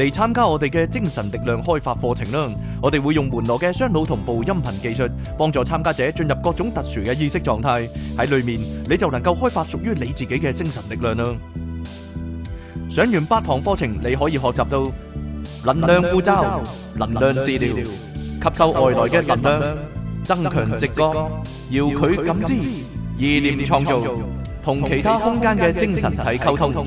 嚟參加我哋嘅精神力量開發課程啦！我哋會用門羅嘅雙腦同步音頻技術，幫助參加者進入各種特殊嘅意識狀態。喺裡面你就能夠開發屬於你自己嘅精神力量啦！上完八堂課程，你可以學習到能量護罩、能量治療、吸收外來嘅能量、增強直覺、遙距感知、意念創造、同其他空間嘅精神體溝通。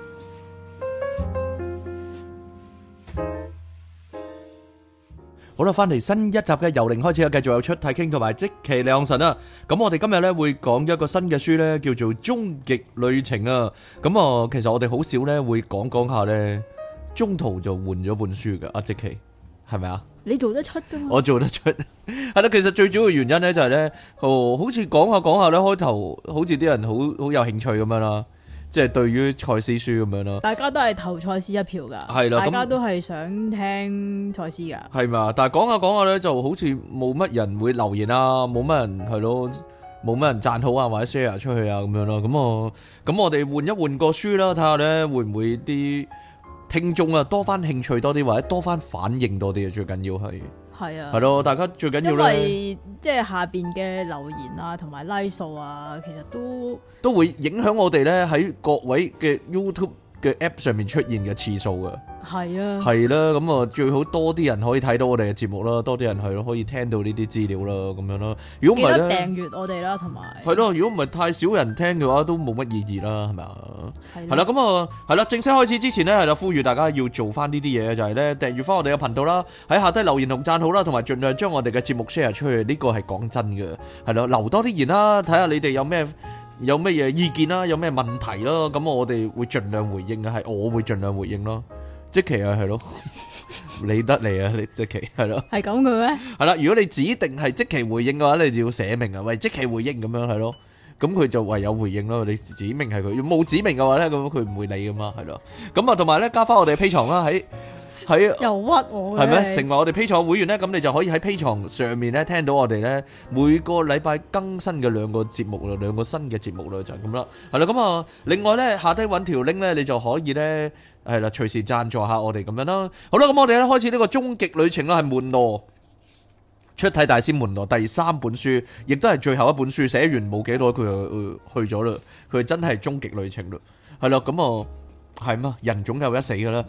好啦，翻嚟新一集嘅由零開始，我繼續有出太傾同埋即期亮神啊！咁我哋今日咧會講咗一個新嘅書咧，叫做《終極旅程》啊！咁啊，其實我哋好少咧會講講下咧，中途就換咗本書噶阿即期，係咪啊？你做得出噶、啊？我做得出。係啦，其實最主要嘅原因咧就係、是、咧，好似講下講下咧，開頭好似啲人好好有興趣咁樣啦。即係對於賽斯書咁樣咯，大家都係投賽斯一票噶，係啦，大家都係想聽賽斯噶，係嘛？但係講下講下咧，就好似冇乜人會留言啊，冇乜人係咯，冇乜人讚好啊，或者 share 出去啊咁樣咯、啊。咁我咁我哋換一換個書啦，睇下咧會唔會啲聽眾啊多返興趣多啲，或者多返反應多啲啊？最緊要係。係啊，係咯，大家最緊要咧，因為即係下邊嘅留言啊，同埋 like 數啊，其實都都會影響我哋咧喺各位嘅 YouTube 嘅 App 上面出現嘅次數啊。係啊，係啦，咁啊，最好多啲人可以睇到我哋嘅節目啦，多啲人去咯，可以聽到呢啲資料啦，咁樣咯。如果唔係咧，訂閱我哋啦，同埋係咯。如果唔係太少人聽嘅話，都冇乜意義啦，係咪啊？係啦，咁啊，係啦。正式開始之前咧，係啦，呼籲大家要做翻呢啲嘢嘅就係咧，訂閱翻我哋嘅頻道啦，喺下低留言同讚好啦，同埋盡量將我哋嘅節目 share 出去。呢個係講真嘅，係咯，留多啲言啦，睇下你哋有咩有咩嘢意見啦，有咩問題啦。咁我哋會盡量回應嘅，係我會盡量回應咯。即期啊，係咯，理得你啊，你即期係咯，係咁嘅咩？係啦，如果你指定係即期回應嘅話，你就要寫明啊，喂，即期回應咁樣係咯，咁佢就唯有回應咯。你指明係佢，冇指明嘅話咧，咁佢唔會理噶嘛，係咯。咁啊，同埋咧，加翻我哋 Patreon 啦，喺喺又屈我嘅，係咪？成為我哋 Patreon 嘅會員咧，咁你就可以喺 Patreon 上面咧，聽到我哋咧每個禮拜更新嘅兩個節目啦，兩個新嘅節目啦，就係咁啦。係啦，咁啊，另外咧，下低搵條 link 咧，你就可以咧。係啦，隨時贊助下我哋咁樣啦。好啦，咁我哋咧開始呢個終極旅程啦，係門羅出體大師門羅第三本書，亦都係最後一本書，寫完冇幾耐佢就去咗啦。佢真係終極旅程啦。係啦，咁我。係嘛，人總有一死噶啦。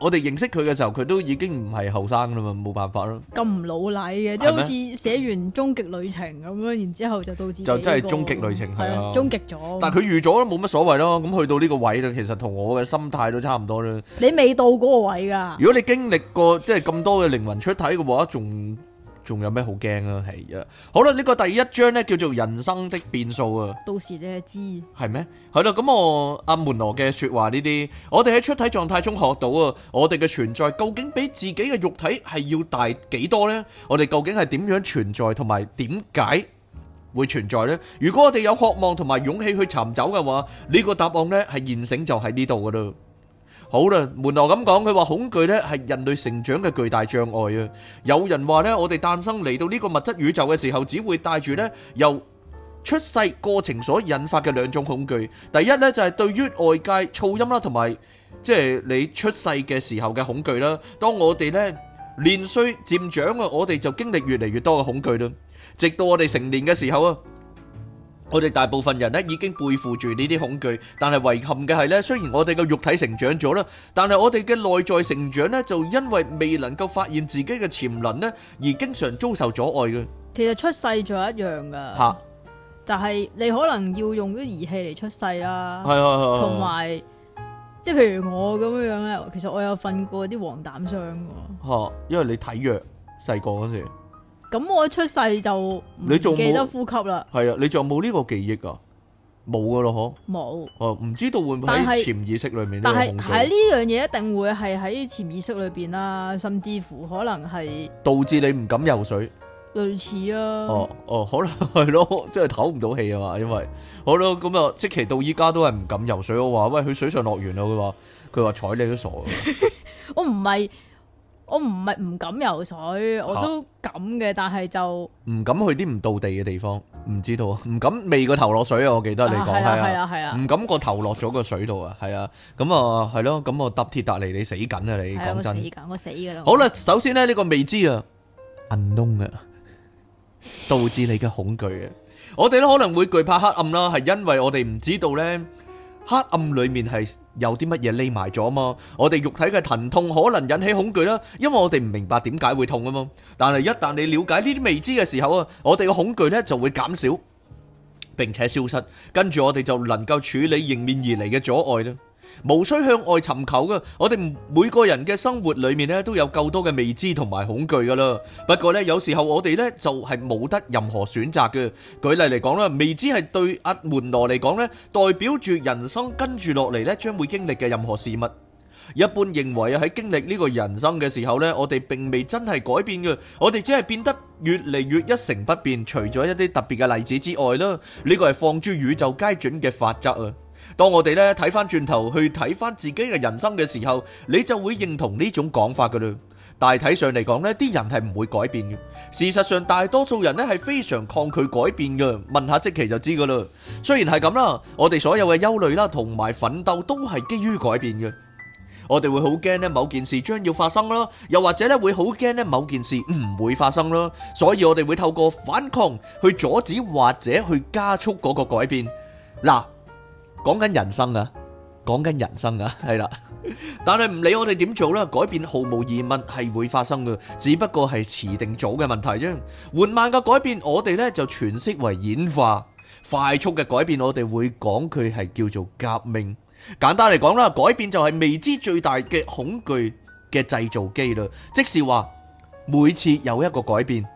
我哋認識佢嘅時候，佢都已經唔係後生啦嘛，冇辦法咯。咁老禮嘅，即係嗎好似寫完終極旅程咁樣，然之後就到至就真係終極旅程係啊，終極咗。對但係佢預咗都冇乜所謂咯。咁去到呢個位，其實同我嘅心態都差唔多啦。你未到嗰個位噶？如果你經歷過即係咁多嘅靈魂出體嘅話，仲。仲有咩好驚啊？係啊，好啦，呢、這個第一章呢叫做人生的變數啊。到時你係知係咩？係啦，咁我阿門羅嘅說話呢啲，我哋喺出體狀態中學到啊，我哋嘅存在究竟比自己嘅肉體係要大幾多呢？我哋究竟係點樣存在，同埋點解會存在呢？如果我哋有渴望同埋勇氣去尋找嘅話，呢、這個答案呢係現成就喺呢度噶啦。好啦，門羅咁講，佢話恐懼咧係人類成長嘅巨大障礙啊。有人話咧，我哋誕生嚟到呢個物質宇宙嘅時候，只會帶住咧由出世過程所引發嘅兩種恐懼。第一咧就係對於外界噪音啦，同埋即係你出世嘅時候嘅恐懼啦。當我哋咧年歲漸長啊，我哋就經歷越嚟越多嘅恐懼啦，直到我哋成年嘅時候啊。我哋大部分人咧已經背負住呢啲恐懼，但係遺憾嘅係咧，雖然我哋嘅肉體成長咗啦，但係我哋嘅內在成長咧就因為未能夠發現自己嘅潛能咧，而經常遭受阻礙嘅。其實出世仲有一樣噶，吓，就係你可能要用啲儀器嚟出世啦，係啊，同埋即係譬如我咁樣樣咧，其實我有瞓過啲黃疸箱噶，吓，因為你體弱，細個嗰時。咁我一出世就你仲記得呼吸啦。係啊，你仲有冇呢個記憶啊？冇噶咯嗬，冇沒。哦、啊，唔知道會唔會喺潛意識裏面但，但係喺呢樣嘢一定會係喺潛意識裏邊啦、啊，甚至乎可能係導致你唔敢游水。類似啊。哦哦、啊啊，可能係咯，即係唞唔到氣啊嘛，因為好咯，咁啊，即期到依家都係唔敢游水。我話喂，去水上樂園啊，佢話佢話睬你都傻。 我唔係。我唔係唔敢游水，我都敢嘅，但係就唔敢去啲唔到地嘅地方，唔知道啊，唔敢未個頭落水啊，我記得你講係啊，唔敢個頭落咗個水度啊，係啊，咁啊係咯，咁我搭鐵達尼你死緊啊，你講真，我死緊，我死噶啦。好啦，首先咧呢、這個未知啊 u n 啊，unknown, 導致你嘅恐懼啊。 我哋咧可能會懼怕黑暗啦，係因為我哋唔知道咧。黑暗裏面係有啲乜嘢匿埋咗嘛？我哋肉體嘅疼痛可能引起恐懼啦，因為我哋唔明白點解會痛啊嘛。但係一旦你了解呢啲未知嘅時候啊，我哋嘅恐懼咧就會減少，並且消失，跟住我哋就能夠處理迎面而嚟嘅阻礙啦。無需向外尋求嘅，我哋每個人嘅生活裏面咧都有夠多嘅未知同埋恐懼噶啦。不過咧，有時候我哋咧就係冇得任何選擇嘅。舉例嚟講啦，未知係對阿門羅嚟講咧，代表住人生跟住落嚟咧將會經歷嘅任何事物。一般認為啊，喺經歷呢個人生嘅時候咧，我哋並未真係改變嘅，我哋只係變得越嚟越一成不變。除咗一啲特別嘅例子之外啦，呢個係放諸宇宙皆準嘅法則啊！當我哋咧睇翻轉頭，去睇翻自己嘅人生嘅時候，你就會認同呢種講法噶啦。大體上嚟講，呢啲人係唔會改變嘅。事實上，大多數人咧係非常抗拒改變嘅。問下即期就知噶啦。雖然係咁啦，我哋所有嘅憂慮啦，同埋奮鬥都係基於改變嘅。我哋會好驚咧，某件事將要發生囉，又或者咧會好驚咧，某件事唔會發生囉。所以我哋會透過反抗去阻止或者去加速嗰個改變。嗱。講緊人生啊，講緊人生啊，係啦。但係唔理我哋點做啦，改變毫無疑問係會發生嘅，只不過係遲定早嘅問題啫。緩慢嘅改變，我哋呢就詮釋為演化；快速嘅改變，我哋會講佢係叫做革命。簡單嚟講啦，改變就係未知最大嘅恐懼嘅製造機率，即是話，每次有一個改變。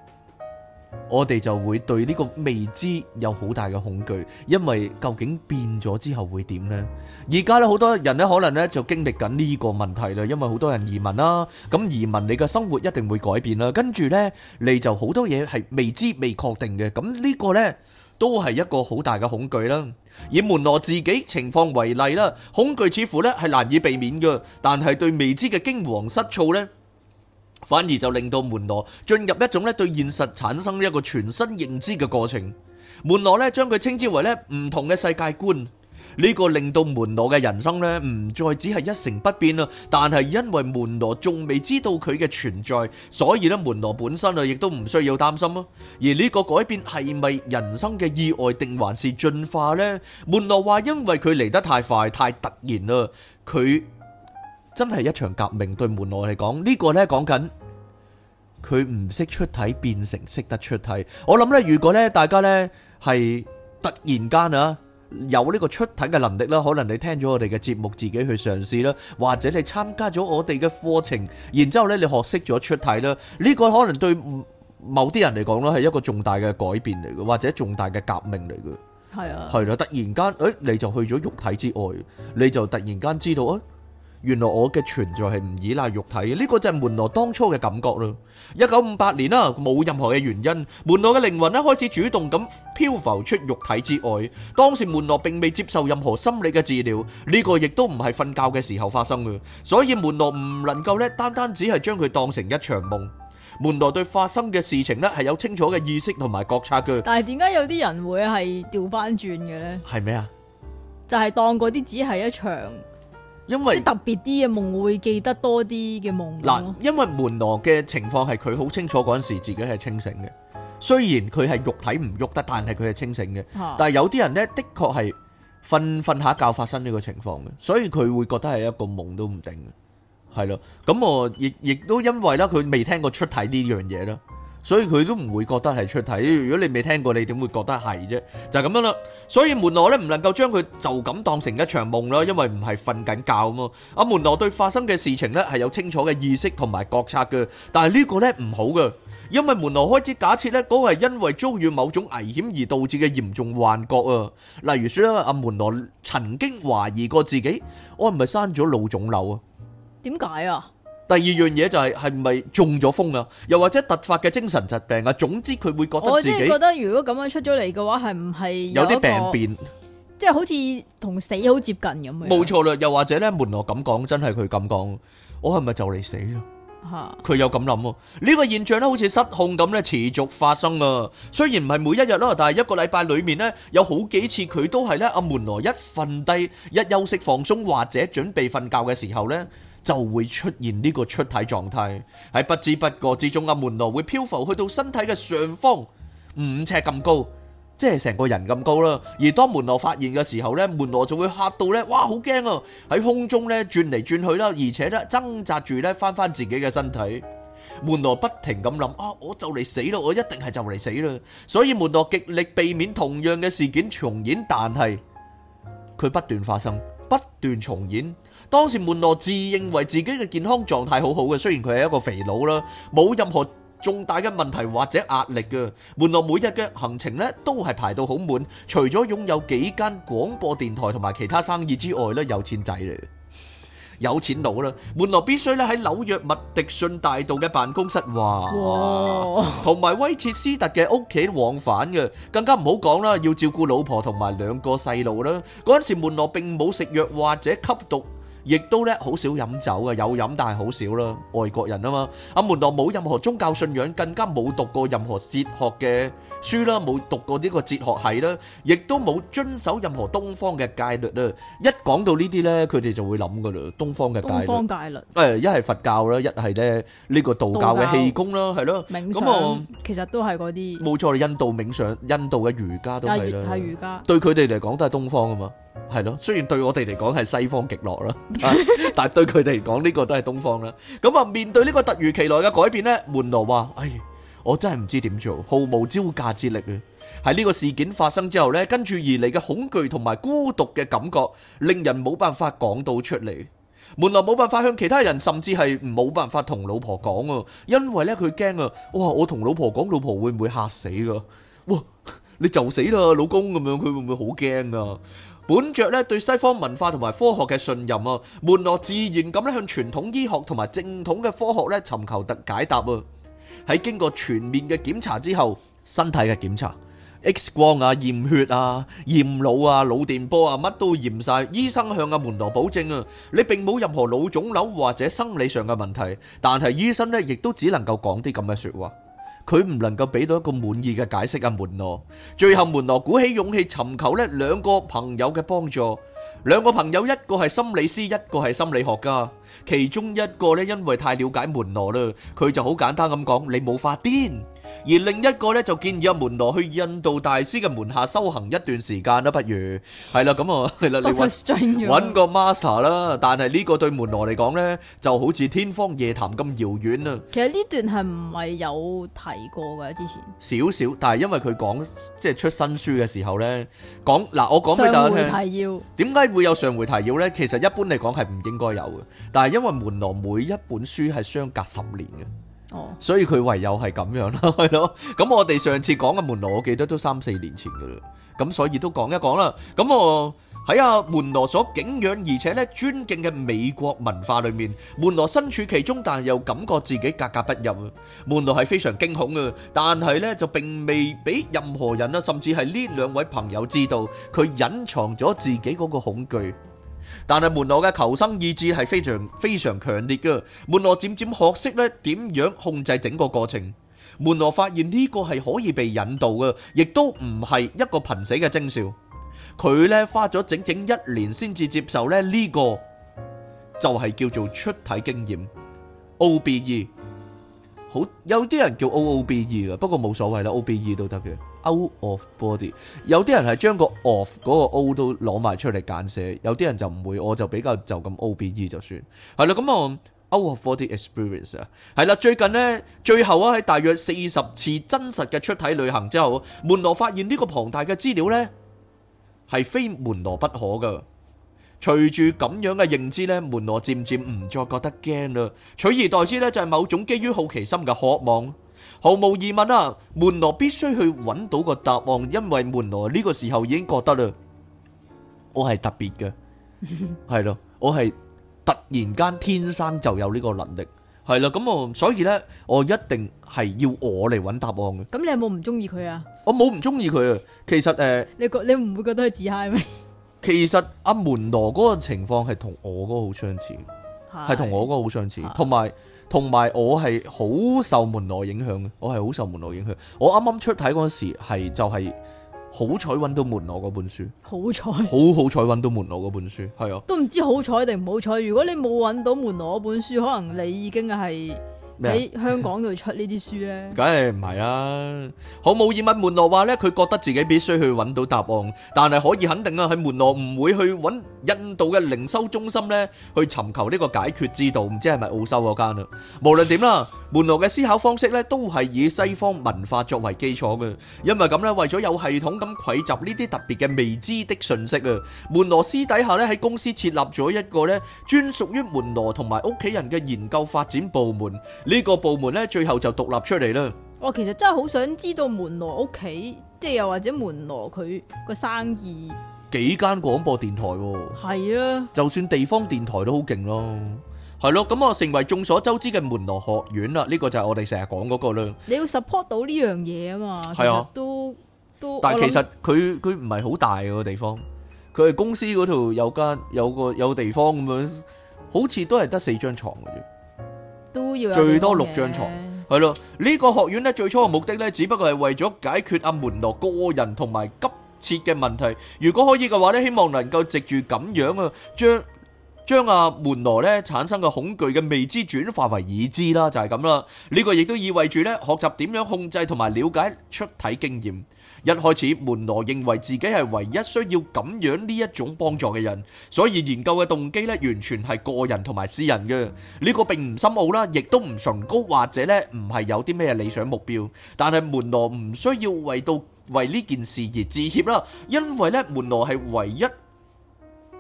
我哋就會對呢個未知有好大嘅恐懼，因為究竟變咗之後會點呢？而家呢好多人呢可能呢就經歷緊呢個問題啦，因為好多人移民啦，咁移民你嘅生活一定會改變啦，跟住呢你就好多嘢係未知未確定嘅，咁呢個呢都係一個好大嘅恐懼啦。以門羅自己情況為例啦，恐懼似乎呢係難以避免嘅，但係對未知嘅驚惶失措呢。反而就令到門羅進入一種咧，對現實產生一個全新認知嘅過程。門羅咧，將佢稱之為咧，唔同嘅世界觀。呢個令到門羅嘅人生咧，唔再只係一成不變啦。但係因為門羅仲未知道佢嘅存在，所以咧，門羅本身啊，亦都唔需要擔心咯。而呢個改變係咪人生嘅意外定還是進化呢？門羅話因為佢嚟得太快太突然啦，佢。真係一場革命，對門羅嚟講呢個咧講緊佢唔識出體，變成識得出體。我諗咧，如果咧大家咧係突然間啊有呢個出體嘅能力啦，可能你聽咗我哋嘅節目，自己去嘗試啦，或者你參加咗我哋嘅課程，然之後咧你學識咗出體啦，呢個可能對某啲人嚟講咧係一個重大嘅改變嚟嘅，或者重大嘅革命嚟嘅。係啊，係啦，突然間誒你就去咗肉體之外，你就突然間知道啊！原來我嘅存在係唔依賴肉體嘅，呢個就係門羅當初嘅感覺咯。一九五八年啦，冇任何嘅原因，門羅嘅靈魂呢開始主動咁漂浮出肉體之外。當時門羅並未接受任何心理嘅治療，呢個亦都唔係瞓覺嘅時候發生嘅，所以門羅唔能夠呢單單只係將佢當成一場夢。門羅對發生嘅事情呢係有清楚嘅意識同埋覺察嘅。但係點解有啲人會係掉返轉嘅呢？係咩啊？就係當嗰啲只係一場。因為特別啲嘅夢，我會記得多啲嘅夢。嗱，因為門羅嘅情況係佢好清楚嗰陣時自己係清醒嘅，雖然佢係肉體唔喐得，但係佢係清醒嘅。但係有啲人呢，的確係瞓瞓下覺發生呢個情況嘅，所以佢會覺得係一個夢都唔定嘅，係咯。咁我亦亦都因為咧，佢未聽過出體呢樣嘢咯。所以佢都唔會覺得係出體。如果你未聽過，你點會覺得係啫？就咁樣啦。所以門羅咧，唔能夠將佢就咁當成一場夢啦，因為唔係瞓緊覺啊。阿門羅對發生嘅事情咧，係有清楚嘅意識同埋覺察嘅，但係呢個咧，唔好㗎，因為門羅開始假設咧，嗰個係因為遭遇某種危險而導致嘅嚴重幻覺啊。例如説啦，阿門羅曾經懷疑過自己，我係唔係生咗腦腫瘤啊？點解啊？第二樣嘢就係係咪中咗風啊？又或者突發嘅精神疾病啊？總之佢會覺得自己，覺得如果咁樣出咗嚟嘅話，係唔係有啲病變？即係好似同死好接近咁樣！冇錯啦，又或者咧，門羅咁講，真係佢咁講，我係咪就嚟死咯？吓，佢有咁諗？呢個現象咧，好似失控咁咧，持續發生啊！雖然唔係每一日啦，但係一個禮拜裏面咧，有好幾次佢都係咧，阿門羅一瞓低、一休息、放鬆或者準備瞓覺嘅時候咧。就會出現呢個出體狀態，喺不知不覺之中，阿門羅會漂浮去到身體嘅上方五尺咁高，即係成個人咁高啦。而當門羅發現嘅時候咧，門羅就會嚇到咧，哇，好驚啊！喺空中咧轉嚟轉去啦，而且咧掙扎住咧翻翻自己嘅身體。門羅不停咁諗啊，我就嚟死咯，我一定係就嚟死啦。所以門羅極力避免同樣嘅事件重演，但係佢不斷發生。不斷重演。當時門羅自認為自己嘅健康狀態好好嘅，雖然佢係一個肥佬啦，冇任何重大嘅問題或者壓力嘅。門羅每日嘅行程咧都係排到好滿，除咗擁有幾間廣播電台同埋其他生意之外咧，有錢仔嚟。有錢佬啦，門羅必須咧喺紐約麥迪遜大道嘅辦公室，哇，同埋哇威切斯特嘅屋企往返嘅，更加唔好講啦，要照顧老婆同埋兩個細路啦。嗰陣時門羅並冇食藥或者吸毒。亦都咧好少飲酒嘅，有飲但係好少啦。外國人啊嘛，阿門羅冇任何宗教信仰，更加冇讀過任何哲學嘅書啦，冇讀過呢個哲學系啦，亦都冇遵守任何東方嘅戒律啦。一講到呢啲咧，佢哋就會諗噶啦。東方嘅戒律，東方戒律，誒，一係佛教啦，一係咧呢個道教嘅氣功啦，係咯，咁啊，其實都係嗰啲冇錯，印度冥想、印度嘅瑜伽都係啦，係瑜伽，對佢哋嚟講都係東方啊嘛。係咯，雖然對我哋嚟講係西方極樂啦，但係對佢哋嚟講呢個都係東方啦。咁啊，面對呢個突如其來嘅改變呢，門羅話：唉，我真係唔知點做，毫無招架之力啊！喺呢個事件發生之後呢，跟住而嚟嘅恐懼同埋孤獨嘅感覺，令人冇辦法講到出嚟。門羅冇辦法向其他人，甚至係冇辦法同老婆講啊，因為呢佢驚啊，哇！我同老婆講，老婆會唔會嚇死噶？哇！你就死啦，老公咁樣，佢會唔會好驚啊？本着咧對西方文化同埋科學嘅信任啊，門羅自然咁咧向傳統醫學同埋正統嘅科學咧尋求特解答啊。喺經過全面嘅檢查之後，身體嘅檢查 X 光啊、驗血啊、驗腦啊、腦電波啊，乜都驗晒。醫生向阿門羅保證啊，你並冇任何腦腫瘤或者生理上嘅問題。但係醫生咧亦都只能夠講啲咁嘅說話。佢唔能夠俾到一個滿意嘅解釋，阿、啊、門羅最後門羅鼓起勇氣尋求咧兩個朋友嘅幫助，兩個朋友一個係心理師，一個係心理學家，其中一個咧因為太了解門羅啦，佢就好簡單咁講：你冇發癲。而另一個咧就建議阿門羅去印度大師嘅門下修行一段時間啦，不如係啦咁啊，係啦，你揾揾個 master 啦。但係呢個對門羅嚟講咧就好似天方夜譚咁遙遠啊。其實呢段係唔係有提過噶？之前少少，但係因為佢講即係出新書嘅時候咧，講嗱，我講俾大家聽，點解會有上回提要咧？其實一般嚟講係唔應該有嘅，但係因為門羅每一本書係相隔十年嘅。哦、所以佢唯有係咁樣啦，係 咯。咁我哋上次講嘅門羅，我記得都三四年前嘅啦。咁所以都講一講啦。咁我喺阿門羅所景仰而且咧尊敬嘅美國文化裏面，門羅身處其中，但又感覺自己格格不入。門羅係非常驚恐嘅，但係咧就並未俾任何人啦，甚至係呢兩位朋友知道佢隱藏咗自己嗰個恐懼。但係門羅嘅求生意志係非常非常強烈嘅，門羅漸漸學識咧點樣控制整個過程。門羅發現呢個係可以被引導嘅，亦都唔係一個瀕死嘅徵兆。佢咧花咗整整一年先至接受咧呢個，就係叫做出體經驗 OBE。好，有啲人叫 O O B E 嘅，不過冇所謂啦，O B E 都得嘅。Out of body，有啲人係將個 of 嗰個 O 都攞埋出嚟簡寫，有啲人就唔會，我就比較就咁 OBE 就算，係啦，咁啊，Out of body experience 啊，係啦，最近呢，最後啊，喺大約四十次真實嘅出體旅行之後，門羅發現呢個龐大嘅資料呢，係非門羅不可噶，隨住咁樣嘅認知呢，門羅漸漸唔再覺得驚啦，取而代之呢，就係某種基於好奇心嘅渴望。毫無疑問啊，門羅必須去揾到個答案，因為門羅呢個時候已經覺得啦，我係特別嘅，係咯，我係突然間天生就有呢個能力，係啦，咁我所以咧，我一定係要我嚟揾答案嘅。咁你有冇唔中意佢啊？我冇唔中意佢啊，其實誒，你覺你唔會覺得佢自 high 咩？其實阿門羅嗰個情況係同我嗰個好相似。係同我嗰個好相似，同埋同埋我係好受門羅影響嘅，我係好受門羅影響。我啱啱出睇嗰陣時，係就係好彩揾到門羅嗰本書，好彩，好好彩揾到門羅嗰本書，係啊，都唔知好彩定唔好彩。如果你冇揾到門羅嗰本書，可能你已經係。喺香港度出呢啲書咧，梗係唔係啦！好冇疑問，門羅話咧，佢覺得自己必須去揾到答案，但係可以肯定啊，喺門羅唔會去揾印度嘅靈修中心咧，去尋求呢個解決之道。唔知係咪澳洲嗰間啦？無論點啦，門羅嘅思考方式咧，都係以西方文化作為基礎嘅。因為咁咧，為咗有系統咁攢集呢啲特別嘅未知的信息啊，門羅私底下咧喺公司設立咗一個咧，專屬於門羅同埋屋企人嘅研究發展部門。呢個部門呢，最後就獨立出嚟啦。我其實真係好想知道門羅屋企，即係又或者門羅佢個生意幾間廣播電台喎？係啊，就算地方電台都好勁咯，係咯。咁啊，我成為眾所周知嘅門羅學院啦。呢個就係我哋成日講嗰個啦。你要 support 到呢樣嘢啊嘛？係啊，都都。但係我想其實佢佢唔係好大個地方，佢係公司嗰度有間有個有地方咁樣，好似都係得四張床嘅啫。最多六張床，係咯？呢個學院咧，最初嘅目的呢，只不過係為咗解決阿門羅個人同埋急切嘅問題。如果可以嘅話呢，希望能夠藉住咁樣啊，將將阿門羅咧產生嘅恐懼嘅未知轉化為已知啦，就係咁啦。呢個亦都意味住呢，學習點樣控制同埋了解出體經驗。一開始，門羅認為自己係唯一需要咁樣呢一種幫助嘅人，所以研究嘅動機呢，完全係個人同埋私人嘅。呢、這個並唔深奧啦，亦都唔崇高或者呢唔係有啲咩理想目標。但係門羅唔需要為到為呢件事而致歉啦，因為呢門羅係唯一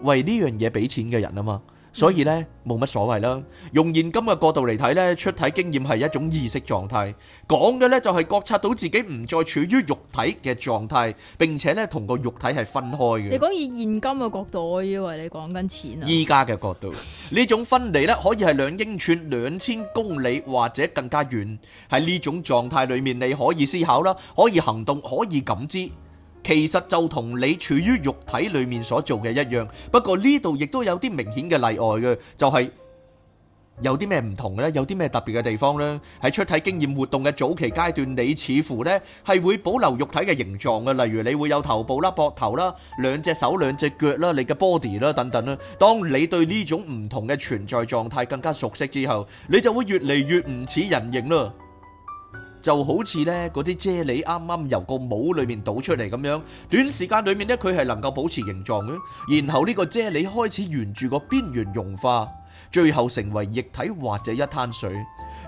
為呢樣嘢俾錢嘅人啊嘛。所以呢，冇乜所謂啦。用現今嘅角度嚟睇呢，出體經驗係一種意識狀態，講嘅呢，就係覺察到自己唔再處於肉體嘅狀態，並且呢，同個肉體係分開嘅。你講以現今嘅角度，我以為你講緊錢啊。依家嘅角度，呢種分離呢，可以係兩英寸、兩千公里或者更加遠。喺呢種狀態裡面，你可以思考啦，可以行動，可以感知。其實就同你處於肉體裏面所做嘅一樣，不過呢度亦都有啲明顯嘅例外嘅，就係有啲咩唔同呢？有啲咩特別嘅地方呢？喺出體經驗活動嘅早期階段，你似乎呢係會保留肉體嘅形狀嘅，例如你會有頭部啦、膊頭啦、兩隻手、兩隻腳啦、你嘅 body 啦等等啦。當你對呢種唔同嘅存在狀態更加熟悉之後，你就會越嚟越唔似人形啦。就好似呢嗰啲啫喱，啱啱由個帽裏面倒出嚟咁樣，短時間裏面呢佢係能夠保持形狀嘅。然後呢個啫喱開始沿住個邊緣融化，最後成為液體或者一灘水。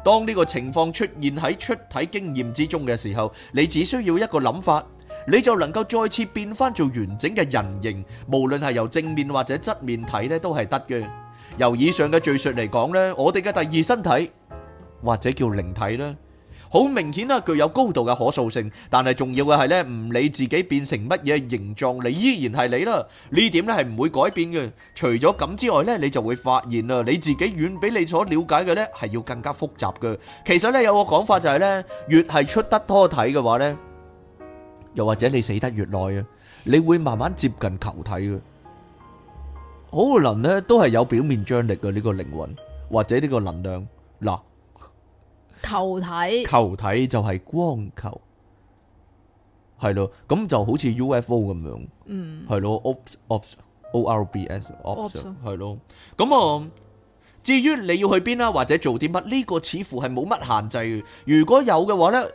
當呢個情況出現喺出體經驗之中嘅時候，你只需要一個諗法，你就能夠再次變翻做完整嘅人形，無論係由正面或者側面睇呢都係得嘅。由以上嘅敘述嚟講呢，我哋嘅第二身體或者叫靈體呢，好明顯啦，具有高度嘅可塑性。但係重要嘅係呢，唔理你自己變成乜嘢形狀，你依然係你啦。呢點呢，係唔會改變嘅。除咗咁之外呢，你就會發現啦，你自己遠比你所了解嘅呢，係要更加複雜嘅。其實呢，有個講法就係呢，越係出得多體嘅話呢，又或者你死得越耐啊，你會慢慢接近球體嘅。可能呢，都係有表面張力嘅，呢個靈魂，或者呢個能量。球體，球體就係光球，係咯，咁就好似 UFO 咁樣，嗯，嗯，係咯 o p s o p s o r b s o p s 係咯，咁啊，至於你要去邊啊，或者做啲乜，呢個似乎係冇乜限制。如果有嘅話咧。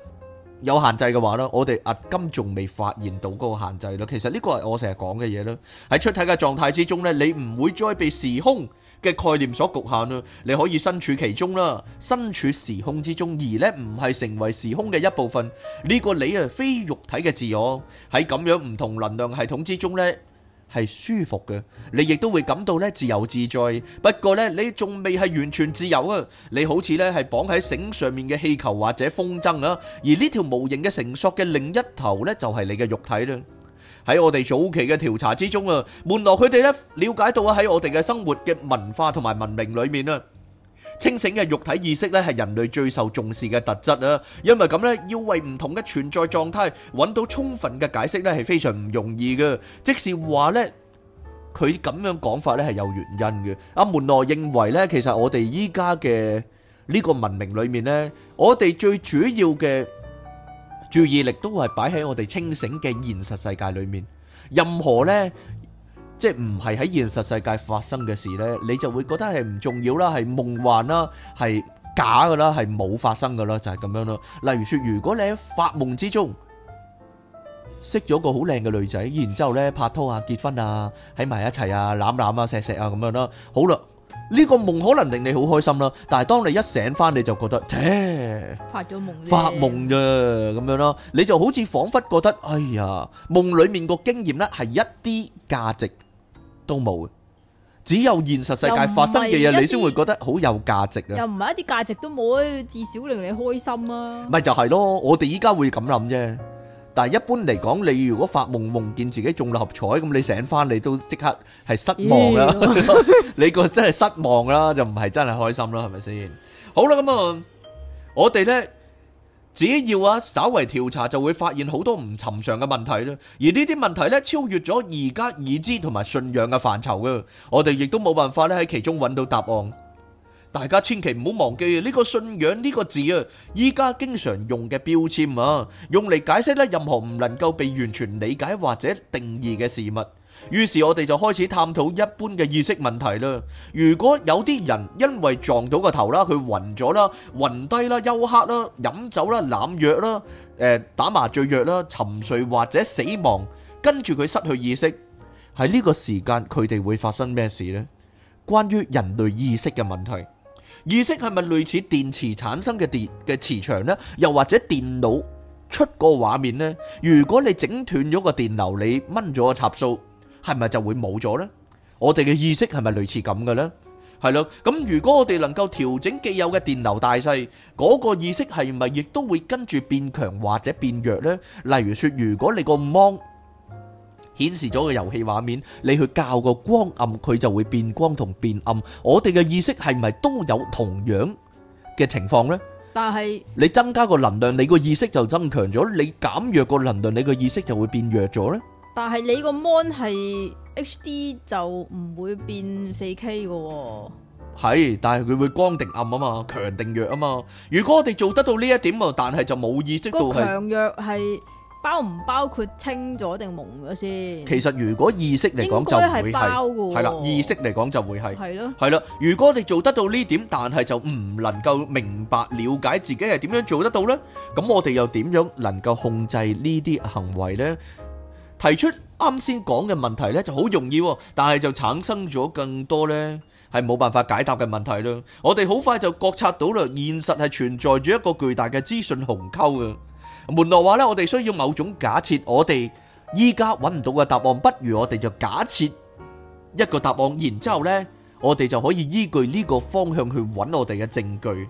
有限制嘅話咧，我哋而今仲未發現到嗰個限制咯。其實呢個係我成日講嘅嘢啦。喺出體嘅狀態之中咧，你唔會再被時空嘅概念所局限啦。你可以身處其中啦，身處時空之中，而呢唔係成為時空嘅一部分。呢、呢個你係，非肉體嘅自我喺咁樣唔同能量系統之中呢。係舒服嘅，你亦都會感到咧自由自在。不過咧，你仲未係完全自由啊！你好似咧係綁喺繩上面嘅氣球或者風箏啊，而呢條無形嘅繩索嘅另一頭咧就係你嘅肉體啦。喺我哋早期嘅調查之中啊，門羅佢哋咧了解到喺我哋嘅生活嘅文化同埋文明裏面啊。清醒即係唔係喺現實世界發生嘅事咧，你就會覺得係唔重要啦，係夢幻啦，係假噶啦，係冇發生噶啦，就係咁樣咯。例如說，如果你喺發夢之中識咗個好靚嘅女仔，然之後咧拍拖啊、結婚啊、喺埋一齊啊、攬攬啊、錫錫啊咁樣啦，好啦，呢個夢可能令你好開心啦，但係當你一醒翻，你就覺得，切，發咗夢，發夢咋咁樣啦？你就好似仿佛覺得，哎呀，夢裏面個經驗咧係一啲價值。都冇，只有現實世界發生嘅嘢，你先會覺得好有價值啊！又唔係一啲價值都冇啊！至少令你開心啊！咪就係咯，我哋依家會咁諗啫。但係一般嚟講，你如果發夢夢見自己中六合彩，咁你醒翻嚟都即刻係失望啦。你個真係失望啦，就唔係真係開心啦，係咪先？好啦，咁啊，我哋咧。只要啊，稍為調查就會發現好多唔尋常嘅問題啦。而呢啲問題咧，超越咗而家已知同埋信仰嘅範疇嘅，我哋亦都冇辦法咧喺其中揾到答案。大家千祈唔好忘記呢個信仰呢個字啊，依家經常用嘅標籤啊，用嚟解釋咧任何唔能夠被完全理解或者定義嘅事物。於是，我哋就開始探討一般嘅意識問題啦。如果有啲人因為撞到個頭啦，佢暈咗啦，暈低啦，休克啦，飲酒啦，濫藥啦，誒、呃、打麻醉藥啦，沉睡或者死亡，跟住佢失去意識，喺呢個時間佢哋會發生咩事呢？關於人類意識嘅問題，意識係咪類似電池產生嘅電嘅磁場呢？又或者電腦出個畫面呢？如果你整斷咗個電流，你掹咗個插蘇，係咪就會冇咗呢？我哋嘅意識係咪類似咁嘅呢？係咯，咁如果我哋能夠調整既有嘅電流大細，嗰個意識係咪亦都會跟住變強或者變弱呢？例如說，如果你個芒顯示咗個遊戲畫面，你去較個光暗，佢就會變光同變暗。我哋嘅意識係咪都有同樣嘅情況呢？但係你增加個能量，你個意識就增強咗；你減弱個能量，你個意識就會變弱咗呢。但係你個 mon 係 HD 就唔會變四 K 噶喎。係，但係佢會光定暗啊嘛，強定弱啊嘛。如果我哋做得到呢一點啊，但係就冇意識到係強弱係包唔包括清咗定蒙咗先。其實如果意識嚟講就應該係包噶，係啦，意識嚟講就會係係咯，係啦。如果我哋做得到呢點，但係就唔能夠明白了解自己係點樣做得到呢，咁我哋又點樣能夠控制呢啲行為呢？提出啱先講嘅問題呢就好容易，但係就產生咗更多呢係冇辦法解答嘅問題咯。我哋好快就覺察到啦，現實係存在住一個巨大嘅資訊鴻溝啊！門羅話呢，我哋需要某種假設，我哋依家揾唔到嘅答案，不如我哋就假設一個答案，然之後呢，我哋就可以依據呢個方向去揾我哋嘅證據。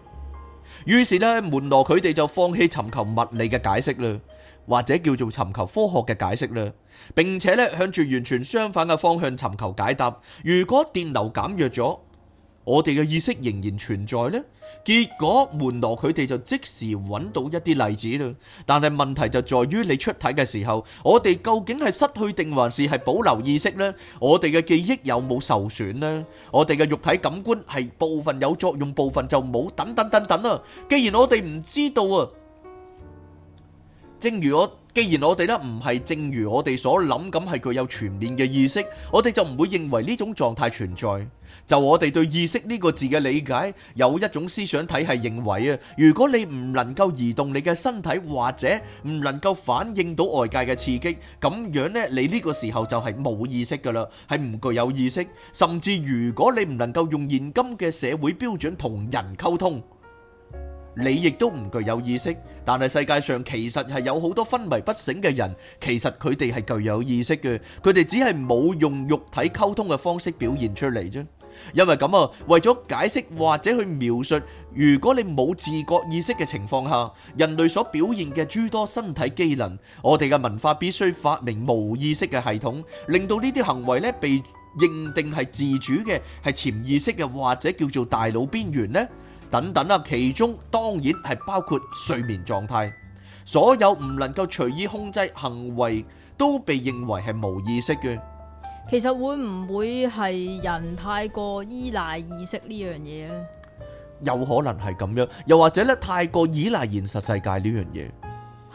於是呢，門羅佢哋就放棄尋求物理嘅解釋啦。或者叫做尋求科學嘅解釋呢，並且咧向住完全相反嘅方向尋求解答。如果電流減弱咗，我哋嘅意識仍然存在呢？結果門羅佢哋就即時揾到一啲例子啦。但係問題就在於你出體嘅時候，我哋究竟係失去定還是係保留意識呢？我哋嘅記憶有冇受損呢？我哋嘅肉體感官係部分有作用，部分就冇，等等等等啊！既然我哋唔知道啊！正如我，既然我哋咧唔係正如我哋所諗咁係具有全面嘅意識，我哋就唔會認為呢種狀態存在。就我哋對意識呢個字嘅理解，有一種思想體系認為啊，如果你唔能夠移動你嘅身體或者唔能夠反應到外界嘅刺激，咁樣咧，你呢個時候就係冇意識噶啦，係唔具有意識。甚至如果你唔能夠用現今嘅社會標準同人溝通。你亦都唔具有意識，但係世界上其實係有好多昏迷不醒嘅人，其實佢哋係具有意識嘅，佢哋只係冇用肉體溝通嘅方式表現出嚟啫。因為咁啊，為咗解釋或者去描述，如果你冇自覺意識嘅情況下，人類所表現嘅諸多身體機能，我哋嘅文化必須發明無意識嘅系統，令到呢啲行為呢被認定係自主嘅、係潛意識嘅或者叫做大腦邊緣呢。等等啦，其中當然係包括睡眠狀態，所有唔能夠隨意控制行為都被認為係無意識嘅。其實會唔會係人太過依賴意識呢樣嘢呢？有可能係咁樣，又或者咧太過依賴現實世界呢樣嘢，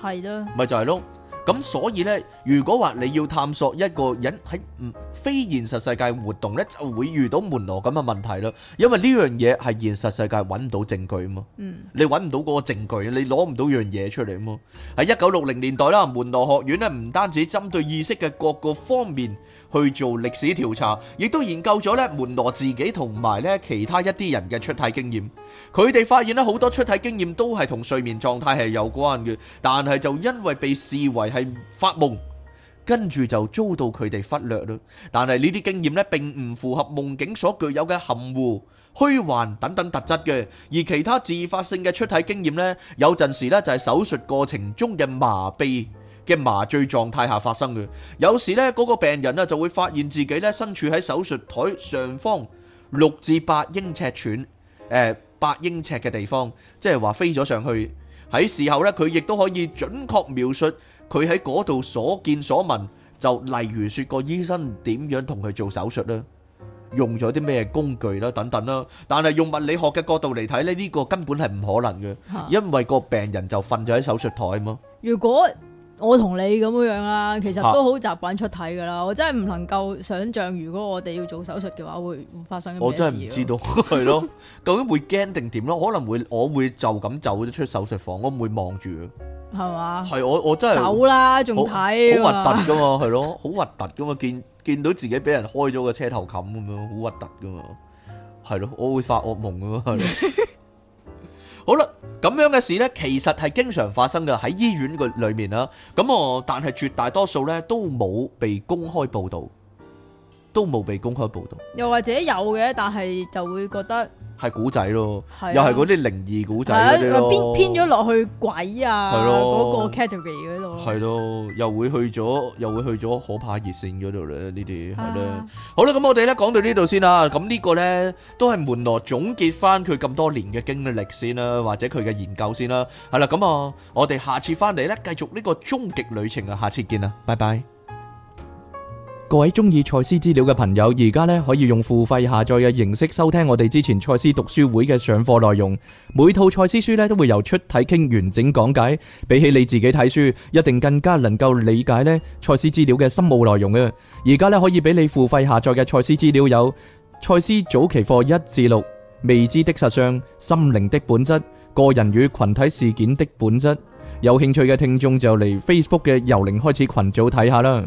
係咯，咪就係咯。咁所以咧，如果話你要探索一個人喺唔非現實世界活動咧，就會遇到門羅咁嘅問題啦。因為呢樣嘢係現實世界揾唔到證據啊嘛，嗯，你揾唔到嗰個證據，你攞唔到樣嘢出嚟啊嘛。喺一九六零年代啦，門羅學院咧唔單止針對意識嘅各個方面去做歷史調查，亦都研究咗咧門羅自己同埋咧其他一啲人嘅出體經驗。佢哋發現咧好多出體經驗都係同睡眠狀態係有關嘅，但係就因為被視為係。發夢，跟住就遭到佢哋忽略咯。但係呢啲經驗咧，並唔符合夢境所具有嘅含糊、虛幻等等特質嘅。而其他自發性嘅出體經驗咧，有陣時咧就係手術過程中嘅麻痹嘅麻醉狀態下發生嘅。有時咧，嗰個病人啊就會發現自己咧身處喺手術台上方六至八英尺寸，誒，八英尺嘅地方，即係話飛咗上去。喺事後咧，佢亦都可以準確描述。佢喺嗰度所見所聞，就例如說個醫生點樣同佢做手術啦，用咗啲咩工具啦，等等啦。但係用物理學嘅角度嚟睇呢，呢個根本係唔可能嘅，因為個病人就瞓咗喺手術台嘛。如果我同你咁樣啦，其實都好習慣出體噶啦。我真係唔能夠想象，如果我哋要做手術嘅話，會發生咩事。我真係唔知道係咯， 究竟會驚定點咯？可能會我會就咁走咗出手術房，我唔會望住。係嘛吧？係，我我真係走啦，仲睇好核突噶嘛？係咯，好核突噶嘛？見見到自己俾人開咗個車頭冚咁樣，好核突噶嘛？係咯，我會發惡夢噶嘛？ 好啦，咁樣嘅事呢，其實係經常發生嘅，喺醫院個裏面啦。咁我但係絕大多數呢，都冇被公開報道，都冇被公開報道。又或者有嘅，但係就會覺得。係古仔咯，啊、又係嗰啲靈異古仔嗰啲編編咗落去鬼啊嗰、啊、個 category 嗰度、啊，係咯裡、啊，又會去咗又會去咗可怕熱線嗰度咧。啊啊、呢啲係啦，好啦，咁我哋咧講到呢度先啦。咁呢個咧都係門羅總結翻佢咁多年嘅經歷先啦，或者佢嘅研究先啦。係啦，咁啊，我哋下次翻嚟咧，繼續呢個終極旅程啊。下次見啦，拜拜。各位中意賽斯資料嘅朋友，而家咧可以用付費下載嘅形式收聽我哋之前賽斯讀書會嘅上課內容。每套賽斯書咧都會由出體傾完整講解，比起你自己睇書，一定更加能夠理解咧賽斯資料嘅深奧內容啊！而家咧可以俾你付費下載嘅賽斯資料有：賽斯早期課一至六、未知的實相、心靈的本質、個人與群體事件的本質。有興趣嘅聽眾就嚟 Facebook 嘅由零開始群組睇下啦。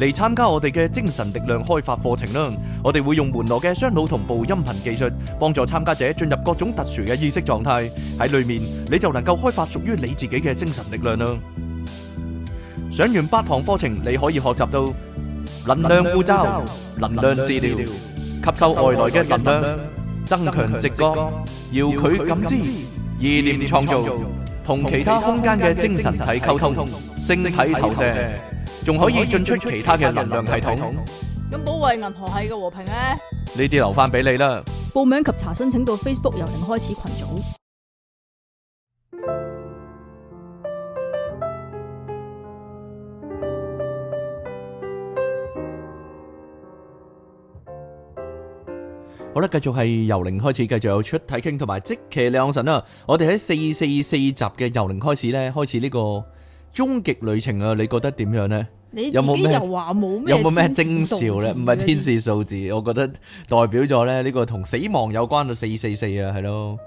嚟參加我哋嘅精神力量開發課程啦！我哋會用門羅嘅雙腦同步音頻技術，幫助參加者進入各種特殊嘅意識狀態。喺裏面你就能夠開發屬於你自己嘅精神力量啦！上完八堂課程，你可以學習到能量護罩、能量治療、吸收外來嘅能量、增強直覺、遙距感知、意念創造、同其他空間嘅精神體溝通、星體投射。仲可以進出其他嘅能量系統。咁保衛銀河系嘅和平咧？呢啲留翻俾你啦。報名及查詢請到 Facebook 由零開始群組。好啦，繼續係由零開始，繼續有出體傾同埋即騎兩神啦。我哋喺四四四集嘅由零開始咧，開始呢、這個。終極旅程啊，你覺得點樣呢？自有冇咩？有冇咩徵兆呢？唔係天使數字，我覺得代表咗咧呢個同死亡有關嘅四四四啊，係咯？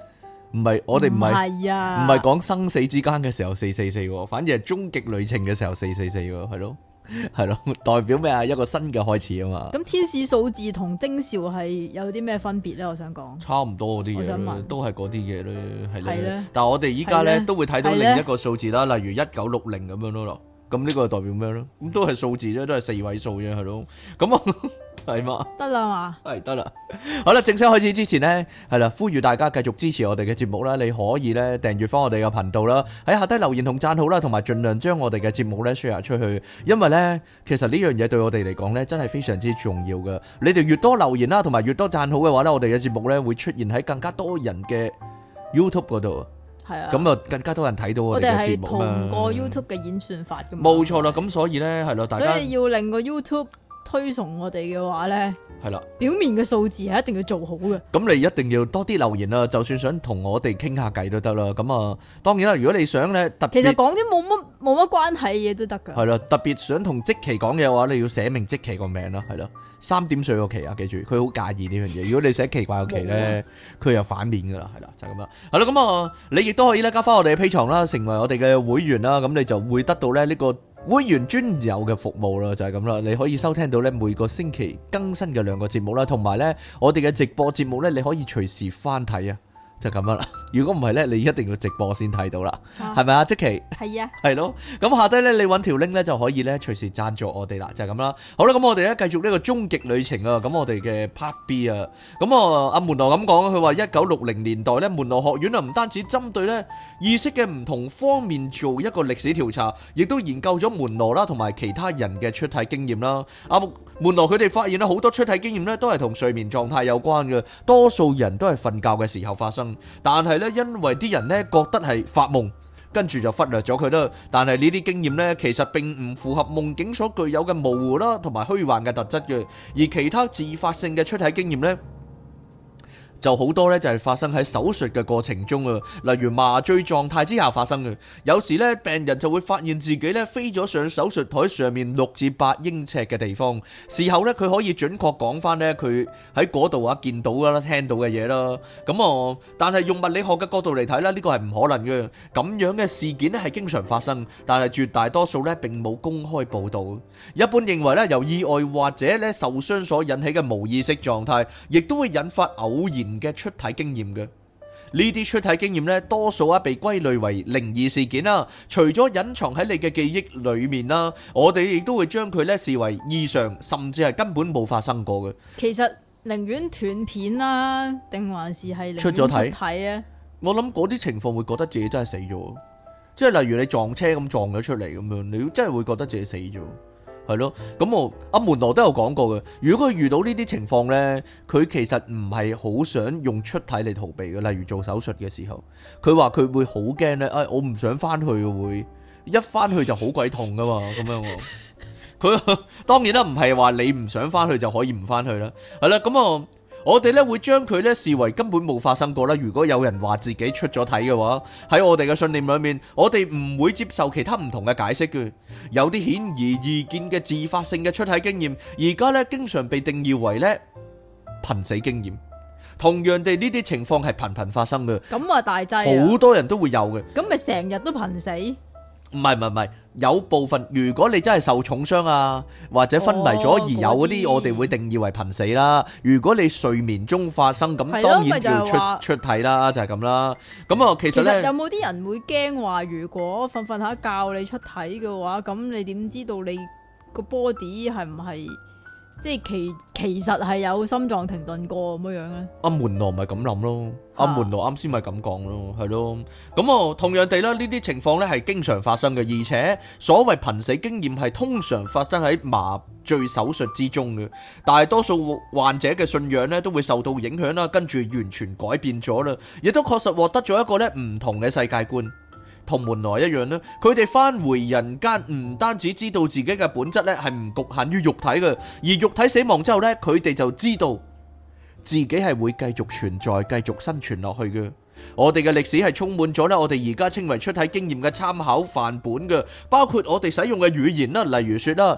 唔係我哋唔係唔係講生死之間嘅時候四四四，44, 反而係終極旅程嘅時候四四四啊，係咯？係咯， 代表咩啊？一個新嘅開始啊嘛。咁天使數字同徵兆係有啲咩分別咧？我想講，差唔多嗰啲嘢，都係嗰啲嘢咧，係啦。的但係我哋依家咧都會睇到另一個數字啦，的例如一九六零咁樣咯。咁呢個代表咩咯？咁都係數字啫，都係四位數啫，係咯。咁啊，係嘛？得啦嘛？係得啦。好啦，正式開始之前呢，係啦，呼籲大家繼續支持我哋嘅節目啦。你可以呢訂閱翻我哋嘅頻道啦，喺下低留言同讚好啦，同埋盡量將我哋嘅節目呢 share 出去。因為呢，其實呢樣嘢對我哋嚟講呢，真係非常之重要㗎。你哋越多留言啦，同埋越多讚好嘅話呢，我哋嘅節目呢，會出現喺更加多人嘅 YouTube 度。係啊，咁啊，更加多人睇到啊！我哋係通過 YouTube 嘅演算法噶嘛，冇錯啦。咁所以咧，係咯，大家要令個 YouTube 推崇我哋嘅話咧，係啦，表面嘅數字係一定要做好嘅。咁你一定要多啲留言啦，就算想同我哋傾下偈都得啦。咁啊，當然啦，如果你想咧，特別其實講啲冇乜冇乜關係嘢都得噶。係咯，特別想同即期講嘅話，你要寫明即期個名啦，係咯。三點水個奇啊，記住佢好介意呢樣嘢。如果你寫奇怪個期呢，佢 又反面噶啦，係啦，就係咁啦。係、嗯、咯，咁、嗯、啊，你亦都可以咧加翻我哋嘅 P 床啦，成為我哋嘅會員啦。咁你就會得到咧呢個會員專有嘅服務咯，就係咁啦。你可以收聽到呢每個星期更新嘅兩個節目啦，同埋呢我哋嘅直播節目呢，你可以隨時翻睇啊。就咁樣啦，如果唔係咧，你一定要直播先睇到啦，係咪啊？即期係啊，係咯，咁下低咧，你搵條 link 咧就可以咧隨時贊助我哋啦，就係咁啦。好啦，咁我哋咧繼續呢個終極旅程啊，咁我哋嘅 Part B 啊，咁啊阿門羅咁講，佢話一九六零年代咧門羅學院啊，唔單止針對咧意識嘅唔同方面做一個歷史調查，亦都研究咗門羅啦同埋其他人嘅出體經驗啦。阿門羅佢哋發現咧好多出體經驗咧都係同睡眠狀態有關嘅，多數人都係瞓覺嘅時候發生。但係呢，因為啲人呢覺得係發夢，跟住就忽略咗佢啦。但係呢啲經驗呢，其實並唔符合夢境所具有嘅模糊啦，同埋虛幻嘅特質嘅。而其他自發性嘅出體經驗呢。就好多呢就係發生喺手術嘅過程中啊，例如麻醉狀態之下發生嘅。有時呢，病人就會發現自己呢，飛咗上手術台上面六至八英尺嘅地方，事後呢，佢可以準確講返呢，佢喺嗰度啊，見到㗎啦，聽到嘅嘢啦咁喎。但係用物理學嘅角度嚟睇呢，呢個係唔可能嘅。咁樣嘅事件係經常發生，但係絕大多數呢，並冇公開報道。一般認為呢，由意外或者呢，受傷所引起嘅無意識狀態亦都會引發偶然嘅出體經驗嘅，呢啲出體經驗呢，多數啊被歸類為靈異事件啦。除咗隱藏喺你嘅記憶裏面啦，我哋亦都會將佢呢視為異常，甚至係根本冇發生過嘅。其實寧願斷片啦，定還是係出咗體睇睇啊？我諗嗰啲情況會覺得自己真係死咗，即係例如你撞車咁撞咗出嚟咁樣，你真係會覺得自己死咗。係咯，咁我阿、啊、門羅都有講過嘅。如果佢遇到呢啲情況咧，佢其實唔係好想用出體嚟逃避嘅。例如做手術嘅時候，佢話佢會好驚咧，誒、哎，我唔想翻去，會一翻去就好鬼痛噶嘛，咁樣。佢 當然啦，唔係話你唔想翻去就可以唔翻去啦。係啦，咁我。我哋咧會將佢咧視為根本冇發生過啦。如果有人話自己出咗體嘅話，喺我哋嘅信念裏面，我哋唔會接受其他唔同嘅解釋嘅。有啲顯而易見嘅自發性嘅出體經驗，而家咧經常被定義為咧瀕死經驗。同樣地，呢啲情況係頻頻發生嘅。咁啊，大劑好多人都會有嘅。咁咪成日都瀕死？唔係唔係唔係。有部分，如果你真係受重傷啊，或者昏迷咗而有嗰啲，些我哋會定義為貧死啦。嗯、如果你睡眠中發生咁，的當然要出出體啦，就係咁啦。咁啊、嗯，其實，其實有冇啲人會驚話，如果瞓瞓下教你出體嘅話，咁你點知道你個波 o 係唔係？即係其其實係有心臟停頓過咁樣咧，阿門羅咪咁諗咯，阿門羅啱先咪咁講咯，係咯，咁哦，同樣地啦，呢啲情況咧係經常發生嘅，而且所謂瀕死經驗係通常發生喺麻醉手術之中嘅，大多數患者嘅信仰咧都會受到影響啦，跟住完全改變咗啦，亦都確實獲得咗一個咧唔同嘅世界觀。同門羅一樣咧，佢哋返回人間唔單止知道自己嘅本質咧，係唔局限於肉體嘅，而肉體死亡之後咧，佢哋就知道自己係會繼續存在、繼續生存落去嘅。我哋嘅歷史係充滿咗咧，我哋而家稱為出體經驗嘅參考範本嘅，包括我哋使用嘅語言啦，例如説啦。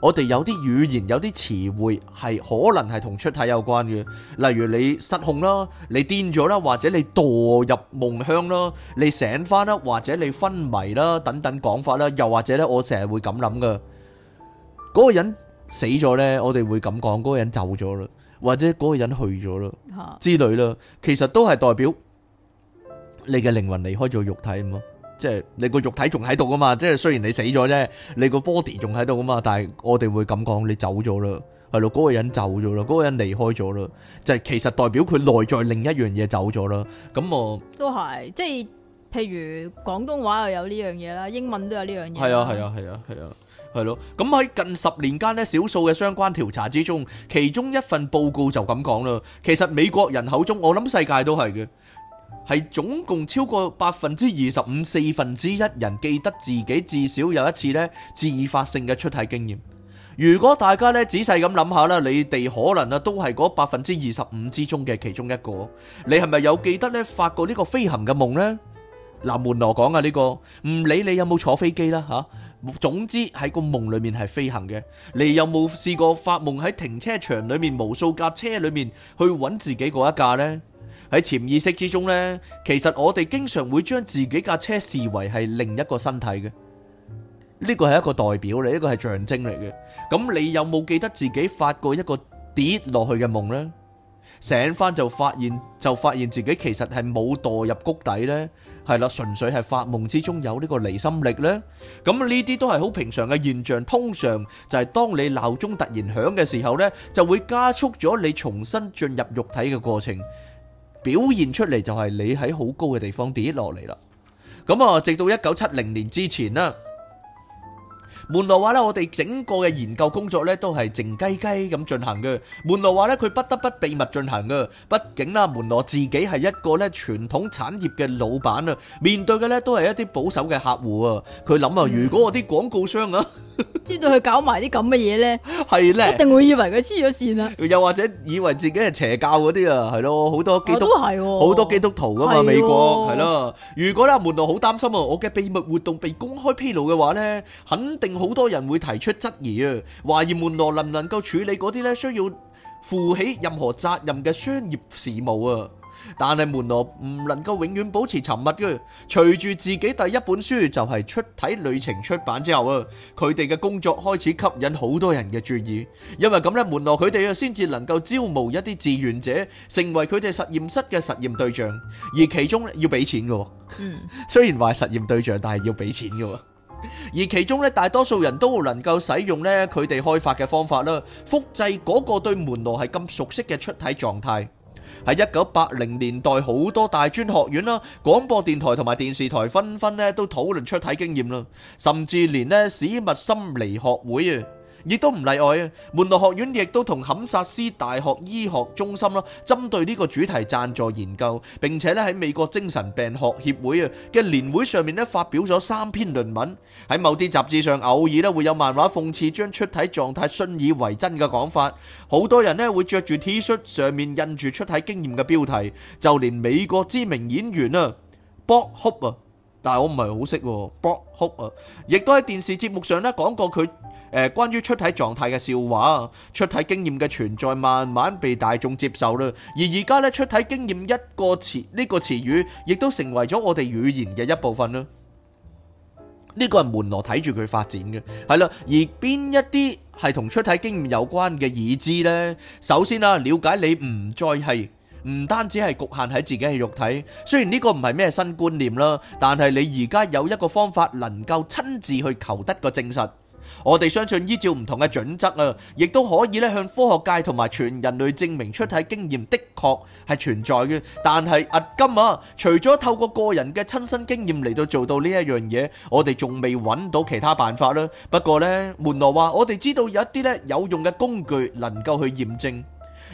我哋有啲語言，有啲詞彙係可能係同出體有關嘅，例如你失控啦，你癲咗啦，或者你墮入夢鄉啦，你醒翻啦，或者你昏迷啦，等等講法啦，又或者咧，我成日會咁諗噶，嗰個人死咗咧，我哋會咁講，嗰個人走咗啦，或者嗰個人去咗啦，之類啦，其實都係代表你嘅靈魂離開咗肉體嘛。即係你個肉體仲喺度噶嘛？即係雖然你死咗啫，你個 body 仲喺度噶嘛？但係我哋會咁講，你走咗啦，係咯？嗰個人走咗啦，嗰個人離開咗啦，就其實代表佢內在另一樣嘢走咗啦。咁我都係，即係譬如廣東話又有呢樣嘢啦，英文都有呢樣嘢。係啊係啊係啊係啊係咯。咁喺近十年間呢，少數嘅相關調查之中，其中一份報告就咁講啦。其實美國人口中，我諗世界都係嘅。係總共超過百分之二十五四分之一人記得自己至少有一次咧，自發性嘅出體經驗。如果大家咧仔細咁諗下啦，你哋可能啊都係嗰百分之二十五之中嘅其中一個。你係咪有記得咧發過呢個飛行嘅夢呢？嗱、啊，門羅講啊呢、這個，唔理你有冇坐飛機啦吓，總之喺個夢裏面係飛行嘅。你有冇試過發夢喺停車場裏面無數架車裏面去揾自己嗰一架呢？喺潛意識之中呢，其實我哋經常會將自己架車視為係另一個身體嘅。呢個係一個代表嚟，一個係象徵嚟嘅。咁你有冇記得自己發過一個跌落去嘅夢呢？醒翻就發現就發現自己其實係冇墮入谷底呢，係啦，純粹係發夢之中有呢個離心力呢。咁呢啲都係好平常嘅現象，通常就係當你鬧鐘突然響嘅時候呢，就會加速咗你重新進入肉體嘅過程。表現出嚟就係你喺好高嘅地方跌落嚟啦，咁啊，直到一九七零年之前啦。門羅話咧,我哋整個嘅研究工作呢,都係靜雞雞咁進行嘅。 好多人會提出質疑啊，懷疑門羅能唔能夠處理嗰啲咧，需要負起任何責任嘅商業事務啊。但係門羅唔能夠永遠保持沉默嘅。隨住自己第一本書就係出體旅程出版之後啊，佢哋嘅工作開始吸引好多人嘅注意。因為咁咧，門羅佢哋啊先至能夠招募一啲志願者，成為佢哋實驗室嘅實驗對象，而其中要俾錢嘅。嗯，雖然話實驗對象，但係要俾錢嘅。而其中呢，大多數人都能夠使用呢佢哋開發嘅方法啦，複製嗰個對門羅係咁熟悉嘅出體狀態。喺一九八零年代，好多大專學院啦、廣播電台同埋電視台紛紛呢都討論出體經驗啦，甚至連呢史密森尼學會。亦都唔例外啊！門羅學院亦都同堪薩斯大學醫學中心啦，針對呢個主題贊助研究，並且咧喺美國精神病學協會啊嘅年會上面咧發表咗三篇論文。喺某啲雜誌上，偶爾咧會有漫畫諷刺將出體狀態信以為真嘅講法，好多人咧會着住 T 恤上面印住出體經驗嘅標題，就連美國知名演員啊，Bob Hope 啊。但係我唔係好識喎，Bob Hope 啊！亦都喺電視節目上咧講過佢誒、呃、關於出體狀態嘅笑話，出體經驗嘅存在慢慢被大眾接受啦。而而家呢，出體經驗一個詞呢、這個詞語，亦都成為咗我哋語言嘅一部分啦。呢、這個係門羅睇住佢發展嘅，係啦。而邊一啲係同出體經驗有關嘅已知呢？首先啊，了解你唔再係。唔單止係局限喺自己嘅肉體，雖然呢個唔係咩新觀念啦，但係你而家有一個方法能夠親自去求得個證實。我哋相信依照唔同嘅準則啊，亦都可以咧向科學界同埋全人類證明出體經驗的確係存在嘅。但係如今啊，除咗透過個人嘅親身經驗嚟到做到呢一樣嘢，我哋仲未揾到其他辦法啦。不過呢，門羅話我哋知道有一啲咧有用嘅工具能夠去驗證。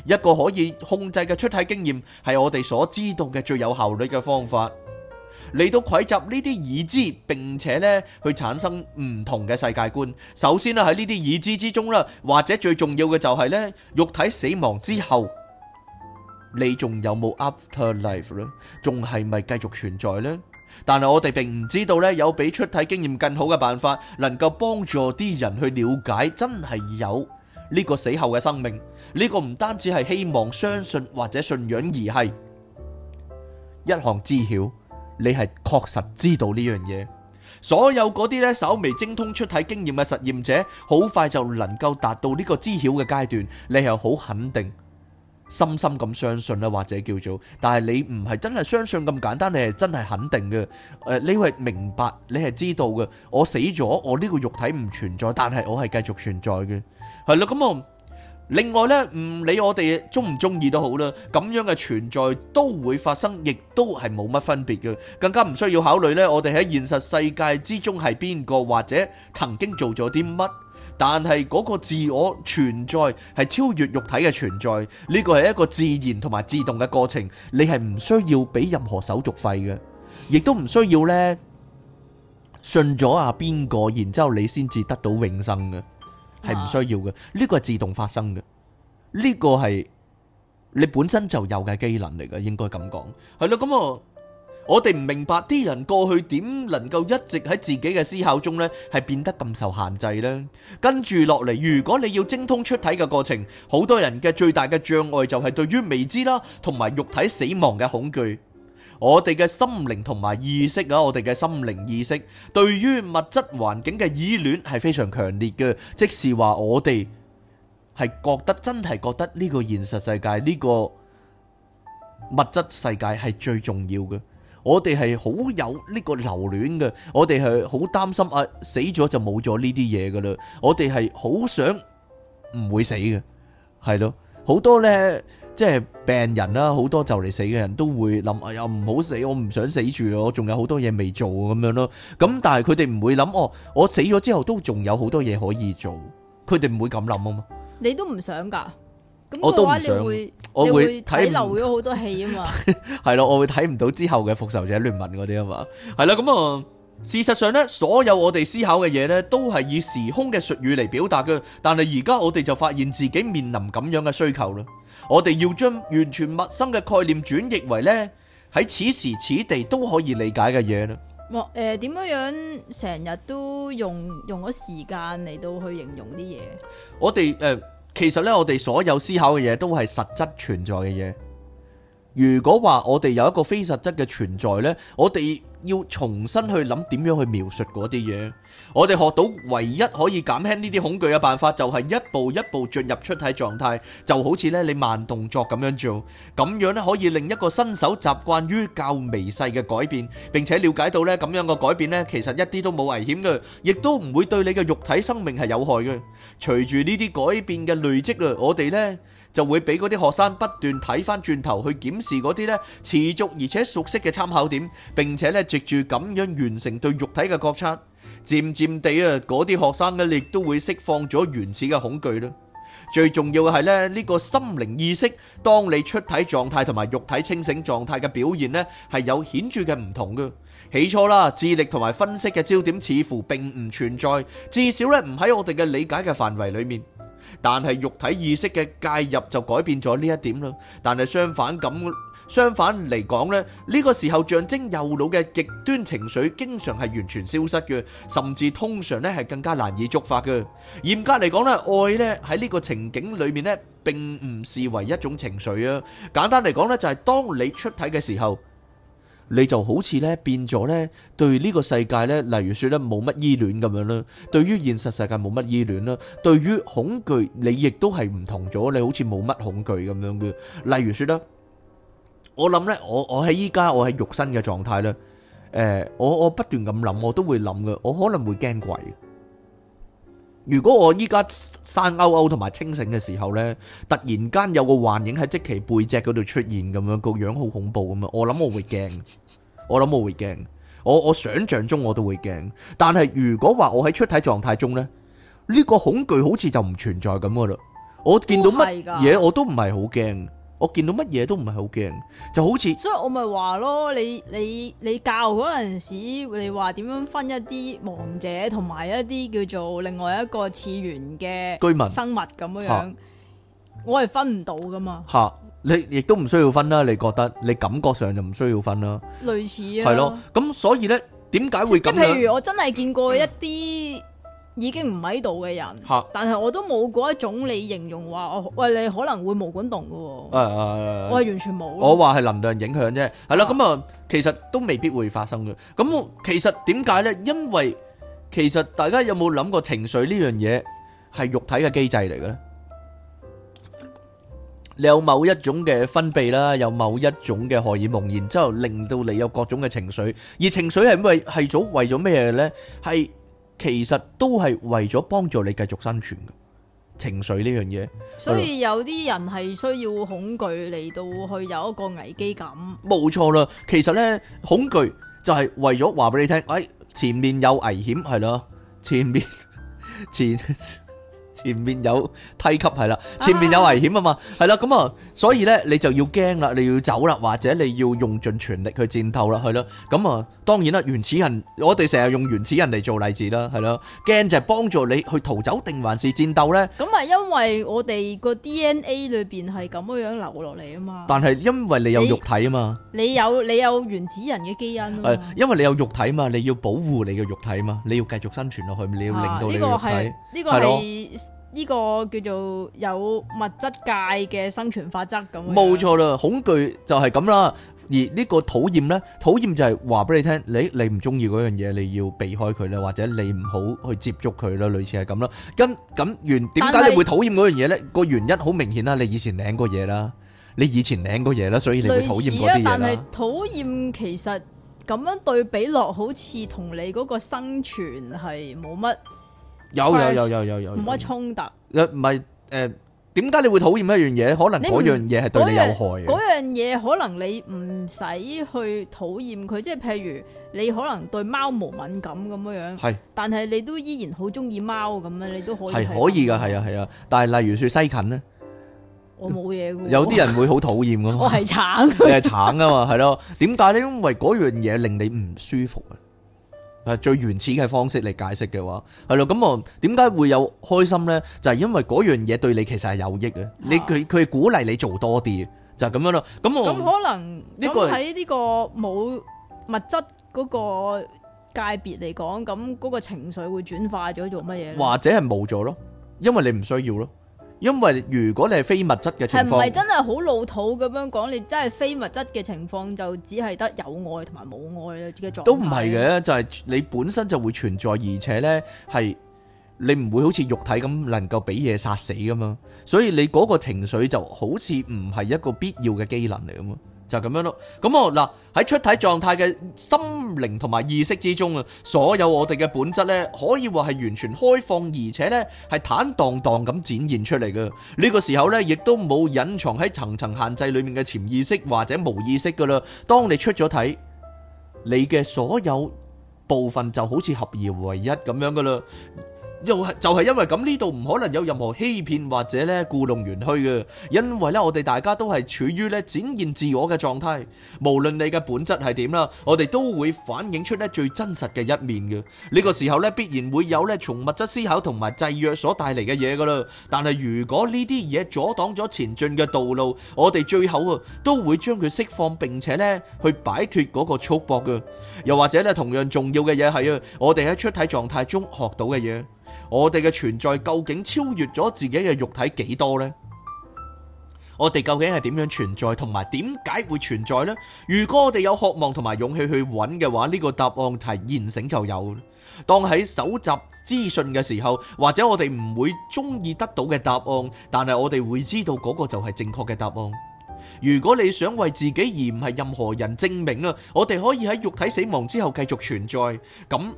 一個可以控制嘅出體經驗係我哋所知道嘅最有效率嘅方法，嚟到匯集呢啲已知，並且呢去產生唔同嘅世界觀。首先啦，喺呢啲已知之中啦，或者最重要嘅就係呢：肉體死亡之後，你仲有冇 afterlife 咧？仲係咪繼續存在呢？但係我哋並唔知道呢有比出體經驗更好嘅辦法，能夠幫助啲人去了解真係有。呢個死後嘅生命，呢、呢個唔單止係希望、相信或者信仰而，而係一項知曉。你係確實知道呢樣嘢。所有嗰啲呢稍微精通出體經驗嘅實驗者，好快就能夠達到呢個知曉嘅階段。你係好肯定。深深咁相信啦，或者叫做，但係你唔係真係相信咁簡單，你係真係肯定嘅。誒，你係明白，你係知道嘅。我死咗，我呢個肉體唔存在，但係我係繼續存在嘅。係啦，咁啊，另外咧，唔理我哋中唔中意都好啦，咁樣嘅存在都會發生，亦都係冇乜分別嘅，更加唔需要考慮咧。我哋喺現實世界之中係邊個，或者曾經做咗啲乜？但係嗰個自我存在係超越肉體嘅存在，呢個係一個自然同埋自動嘅過程，你係唔需要俾任何手續費嘅，亦都唔需要呢，信咗啊邊個，然之後你先至得到永生嘅，係唔需要嘅，呢個係自動發生嘅，呢個係你本身就有嘅機能嚟嘅，應該咁講，係咯，咁啊。我哋唔明白啲人過去點能夠一直喺自己嘅思考中呢，係變得咁受限制呢？跟住落嚟，如果你要精通出體嘅過程，好多人嘅最大嘅障礙就係對於未知啦，同埋肉體死亡嘅恐懼。我哋嘅心靈同埋意識啊，我哋嘅心靈意識對於物質環境嘅依戀係非常強烈嘅，即是話我哋係覺得真係覺得呢個現實世界呢個物質世界係最重要嘅。我哋係好有呢個留戀嘅，我哋係好擔心啊，死咗就冇咗呢啲嘢噶啦，我哋係好想唔會死嘅，係咯，好多呢，即係病人啦，好多就嚟死嘅人都會諗啊，又唔好死，我唔想死住，我仲有好多嘢未做咁樣咯。咁但係佢哋唔會諗哦，我死咗之後都仲有好多嘢可以做，佢哋唔會咁諗啊嘛。你、那個、都唔想噶？我都唔想。我會睇漏咗好多戲啊嘛，係咯，我會睇唔到之後嘅復仇者聯盟嗰啲啊嘛，係啦，咁啊，事實上咧，所有我哋思考嘅嘢咧，都係以時空嘅術語嚟表達嘅，但係而家我哋就發現自己面臨咁樣嘅需求啦，我哋要將完全陌生嘅概念轉譯為咧喺此時此地都可以理解嘅嘢啦。哇，誒，點樣樣成日都用用咗時間嚟到去形容啲嘢？我哋誒。其實咧，我哋所有思考嘅嘢都係實質存在嘅嘢。如果話我哋有一個非實質嘅存在咧，我哋……要重新去諗點樣去描述嗰啲嘢，我哋學到唯一可以減輕呢啲恐懼嘅辦法，就係一步一步進入出體狀態，就好似咧你慢動作咁樣做，咁樣咧可以令一個新手習慣於較微細嘅改變，並且了解到咧咁樣嘅改變咧，其實一啲都冇危險嘅，亦都唔會對你嘅肉體生命係有害嘅。隨住呢啲改變嘅累積啊，我哋咧，就會俾嗰啲學生不斷睇返轉頭去檢視嗰啲呢持續而且熟悉嘅參考點，並且呢藉住咁樣完成對肉體嘅覺察。漸漸地啊，嗰啲學生呢亦都會釋放咗原始嘅恐懼啦。最重要嘅係呢，呢個心靈意識，當你出體狀態同埋肉體清醒狀態嘅表現呢，係有顯著嘅唔同嘅。起初啦，智力同埋分析嘅焦點似乎並唔存在，至少呢唔喺我哋嘅理解嘅範圍裡面。但係肉體意識嘅介入就改變咗呢一點啦。但係相反咁，相反嚟講呢，呢，呢個時候象徵幼腦嘅極端情緒，經常係完全消失嘅，甚至通常呢係更加難以觸發嘅。嚴格嚟講呢，愛呢喺呢個情景裡面呢並唔視為一種情緒啊。簡單嚟講呢，就係當你出體嘅時候。你就好似呢，變咗呢，對於呢個世界呢，例如說呢，冇乜依戀咁樣，對於現實世界冇乜依戀，對於恐懼，你亦都係唔同咗，你好似冇乜恐懼咁樣，例如說呢，我諗呢，我喺依家，我喺肉身嘅狀態呢，我不斷咁諗，我都會諗，我可能會驚鬼。如果我依家生勾勾同埋清醒嘅時候呢，突然間有個幻影喺即其背脊嗰度出現咁樣個樣好恐怖咁啊！我諗我會驚，我諗我會驚，我我想象中我都會驚。但係如果話我喺出體狀態中呢，呢、呢個恐懼好似就唔存在咁噶啦，我見到乜嘢我都唔係好驚。我見到乜嘢都唔係好驚，就好似所以我咪話咯，你你你教嗰陣時，你話點樣分一啲亡者同埋一啲叫做另外一個次元嘅居民生物咁樣，我係分唔到噶嘛。吓，你亦都唔需要分啦。你覺得，你感覺上就唔需要分啦。類似啊，係咯。咁所以咧，點解會咁樣？譬如我真係見過一啲。已經唔喺度嘅人，但係我都冇嗰一種你形容話，我餵你可能會毛管動㗎喎。誒誒，我係完全冇。我話係能量影響啫。係啦，咁啊，其實都未必會發生嘅。咁其實點解呢？因為其實大家有冇諗過情緒呢樣嘢係肉體嘅機制嚟嘅呢？你有某一種嘅分泌啦，有某一種嘅荷爾蒙，然之後令到你有各種嘅情緒。而情緒係為係做為咗咩嘢呢？係，其實都係為咗幫助你繼續生存嘅情緒呢樣嘢，所以有啲人係需要恐懼嚟到去有一個危機感。冇錯啦，其實呢，恐懼就係為咗話俾你聽，哎，前面有危險，係啦，前面前。前面有梯級係啦，前面有危險啊嘛，係啦，咁啊，所以咧你就要驚啦，你要走啦，或者你要用盡全力去戰鬥啦，係咯，咁、嗯、啊，當然啦，原始人，我哋成日用原始人嚟做例子啦，係咯，驚就係幫助你去逃走定還是戰鬥咧？咁咪因為我哋個 DNA 裏邊係咁樣樣流落嚟啊嘛。但係因為你有肉體啊嘛你，你有你有原始人嘅基因，因為你有肉體嘛，你要保護你嘅肉體嘛，你要繼續生存落去，你要令到你嘅肉體呢個係呢個係。啊的呢個叫做有物質界嘅生存法則咁。冇錯啦，恐懼就係咁啦。而呢個討厭咧，討厭就係話俾你聽，你你唔中意嗰樣嘢，你要避開佢咧，或者你唔好去接觸佢咧，類似係咁啦。咁咁原，點解你會討厭嗰樣嘢咧？個原因好明顯啦，你以前領過嘢啦，你以前領過嘢啦，所以你會討厭嗰啲嘢啦。類似啊，但係討厭其實咁樣對比落，好似同你嗰個生存係冇乜。有有有有有有，唔可以衝突。唔係誒？點解你會討厭一樣嘢？可能嗰樣嘢係對你有害嘅。嗰樣嘢可能你唔使去討厭佢，即係譬如你可能對貓毛敏感咁樣樣，係是。但係你都依然好中意貓咁樣，你都可以。係可以噶，係啊係啊。但係例如說西芹呢，我冇嘢。有啲人會好討厭噶嘛？ 我係橙， 你係橙噶嘛？係咯？點解你因為嗰樣嘢令你唔舒服啊？係最原始嘅方式嚟解釋嘅話，係咯。咁我點解會有開心咧？就係、是、因為嗰樣嘢對你其實係有益嘅。你佢佢鼓勵你做多啲，就係、是、咁樣咯。咁我咁可能咁喺呢個冇物質嗰個界別嚟講，咁嗰個情緒會轉化咗做乜嘢？或者係冇咗咯，因為你唔需要咯。因為如果你係非物質嘅情況，係唔係真係好老土咁樣講？你真係非物質嘅情況就只係得有愛同埋冇愛嘅狀態。都唔係嘅，就係、是、你本身就會存在，而且呢，係你唔會好似肉體咁能夠俾嘢殺死噶嘛。所以你嗰個情緒就好似唔係一個必要嘅機能嚟咁啊。就咁樣咯，咁我嗱喺出體狀態嘅心靈同埋意識之中啊，所有我哋嘅本質呢，可以話係完全開放，而且呢係坦蕩蕩咁展現出嚟嘅。呢個時候呢，亦都冇隱藏喺層層限制裡面嘅潛意識或者無意識噶啦。當你出咗體，你嘅所有部分就好似合而為一咁樣噶啦。就係因為咁，呢度唔可能有任何欺騙或者咧故弄玄虛嘅，因為咧我哋大家都係處於咧展現自我嘅狀態，無論你嘅本質係點啦，我哋都會反映出咧最真實嘅一面嘅。呢個時候咧必然會有咧從物質思考同埋制約所帶嚟嘅嘢噶啦，但係如果呢啲嘢阻擋咗前進嘅道路，我哋最後啊都會將佢釋放，並且咧去擺脫嗰個束縛嘅。又或者咧同樣重要嘅嘢係啊，我哋喺出體狀態中學到嘅嘢。我哋嘅存在究竟超越咗自己嘅肉體幾多呢？我哋究竟係點樣存在，同埋點解會存在呢？如果我哋有渴望同埋勇氣去揾嘅話，呢個答案係現成就有。當喺搜集資訊嘅時候，或者我哋唔會中意得到嘅答案，但係我哋會知道嗰個就係正確嘅答案。如果你想為自己而唔係任何人證明啊，我哋可以喺肉體死亡之後繼續存在。咁。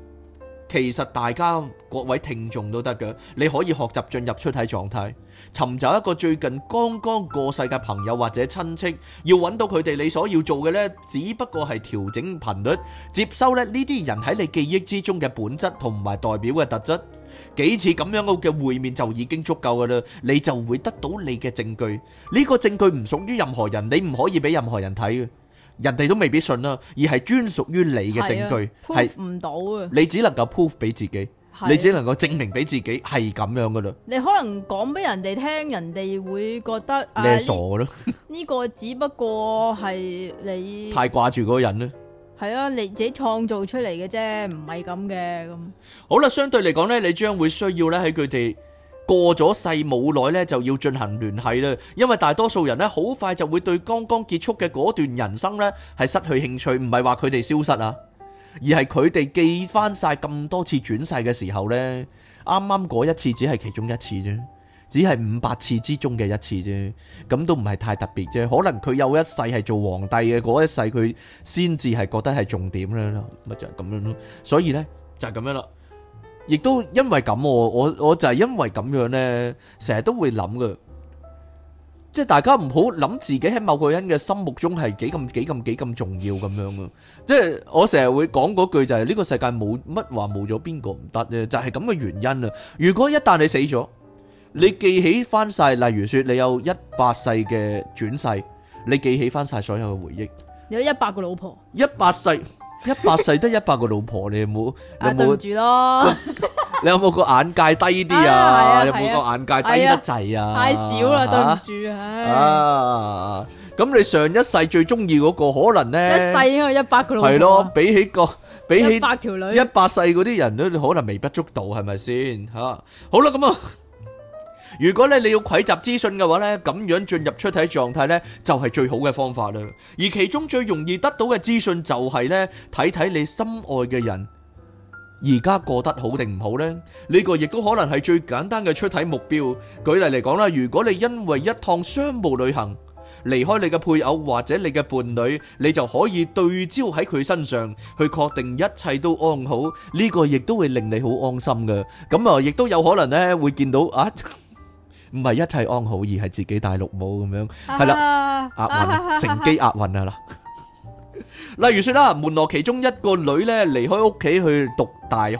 其實大家各位聽眾都得嘅，你可以學習進入出體狀態，尋找一個最近剛剛過世嘅朋友或者親戚，要揾到佢哋，你所要做嘅呢，只不過係調整頻率，接收呢呢啲人喺你記憶之中嘅本質同埋代表嘅特質，幾次咁樣嘅嘅會面就已經足夠嘅啦，你就會得到你嘅證據，呢個證據唔屬於任何人，你唔可以俾任何人睇嘅。人哋都未必信啦，而係專屬於你嘅證據，係唔到啊。你只能夠 prove 俾自己，你只能夠證明俾自己係咁樣噶啦。你可能講俾人哋聽，人哋會覺得你係傻噶咯。呢個只不過係你太掛住嗰個人咧。係啊，你自己創造出嚟嘅啫，唔係咁嘅咁。好啦，相對嚟講咧，你將會需要咧喺佢哋過咗世冇耐呢，就要進行聯繫啦。因為大多數人呢，好快就會對剛剛結束嘅嗰段人生呢，係失去興趣。唔係話佢哋消失啊，而係佢哋記翻晒咁多次轉世嘅時候呢，啱啱嗰一次只係其中一次啫，只係五百次之中嘅一次啫。咁都唔係太特別啫。可能佢有一世係做皇帝嘅嗰一世，佢先至係覺得係重點啦。咪就係咁樣咯。所以呢，就係咁樣啦。亦都因為咁，我我我就係因為咁樣咧，成日都會諗嘅，即係大家唔好諗自己喺某個人嘅心目中係幾咁幾咁幾咁重要咁樣咯。即係我成日會講嗰句就係呢個世界冇乜話冇咗邊個唔得咧，就係咁嘅原因啊。如果一旦你死咗，你記起返晒，例如說你有一百世嘅轉世，你記起返晒所有嘅回憶，有一百個老婆，一百世。一百世得一百個老婆，你有冇？你有冇？對唔住咯，你有冇個眼界低啲啊？啊啊有冇個眼界低得滯啊，啊？太少啦，啊、對唔住，唉、啊。咁、啊、你上一世最中意嗰個，可能咧？一世應該一百個老婆。係咯，比起個比起一百條女，一百世嗰啲人咧，你可能微不足道，係咪先吓？好啦，咁啊。如果咧你要蒐集資訊嘅話咧，咁樣進入出體狀態咧就係最好嘅方法啦。而其中最容易得到嘅資訊就係咧睇睇你心愛嘅人而家過得好定唔好咧？呢個亦都可能係最簡單嘅出體目標。舉例嚟講啦，如果你因為一趟商務旅行離開你嘅配偶或者你嘅伴侶，你就可以對焦喺佢身上去確定一切都安好。呢個亦都會令你好安心嘅。咁啊，亦都有可能咧會見到啊～唔係一切安好，而係自己大綠帽咁樣，係啦，押運、啊、哈哈乘機押運啊啦！ 例如說啦，阿門羅其中一個女呢，離開屋企去讀大學。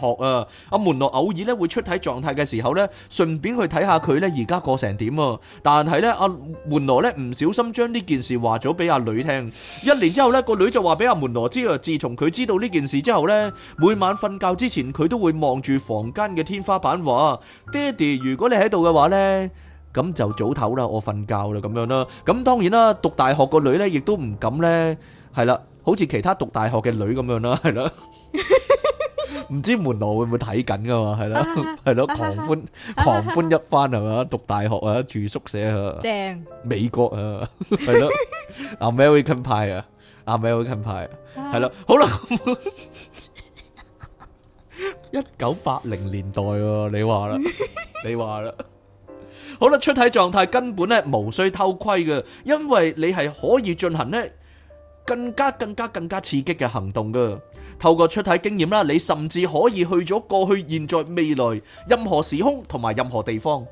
阿門羅偶爾呢，會出體狀態嘅時候呢，順便去睇下佢呢，而家過成點啊。但係呢，阿門羅呢，唔小心將呢件事話咗俾阿女聽。一年之後呢，個女就話俾阿門羅知啊，自從佢知道呢件事之後呢，每晚瞓覺之前，佢都會望住房間嘅天花板話，爹哋，如果你喺度嘅話呢，咁就早唞啦，我瞓覺啦，咁樣啦。咁當然啦，讀大學個女呢，亦都唔敢呢，係啦，好似其他讀大學嘅女咁樣啦，係咯，唔知門羅會唔會睇緊噶嘛？係咯，係咯，狂歡狂歡一番係嘛？讀大學啊，住宿舍啊，正，美國啊，係咯，阿 American 派啊，阿 American 派啊，係啦，好啦，一九八零年代喎，你話啦，你話啦，好啦，出體狀態根本咧無需偷窺嘅，因為你係可以進行咧。更加更加更加刺激嘅行動㗎，透過出體經驗啦，你甚至可以去咗過去、現在、未來、任何時空同埋任何地方，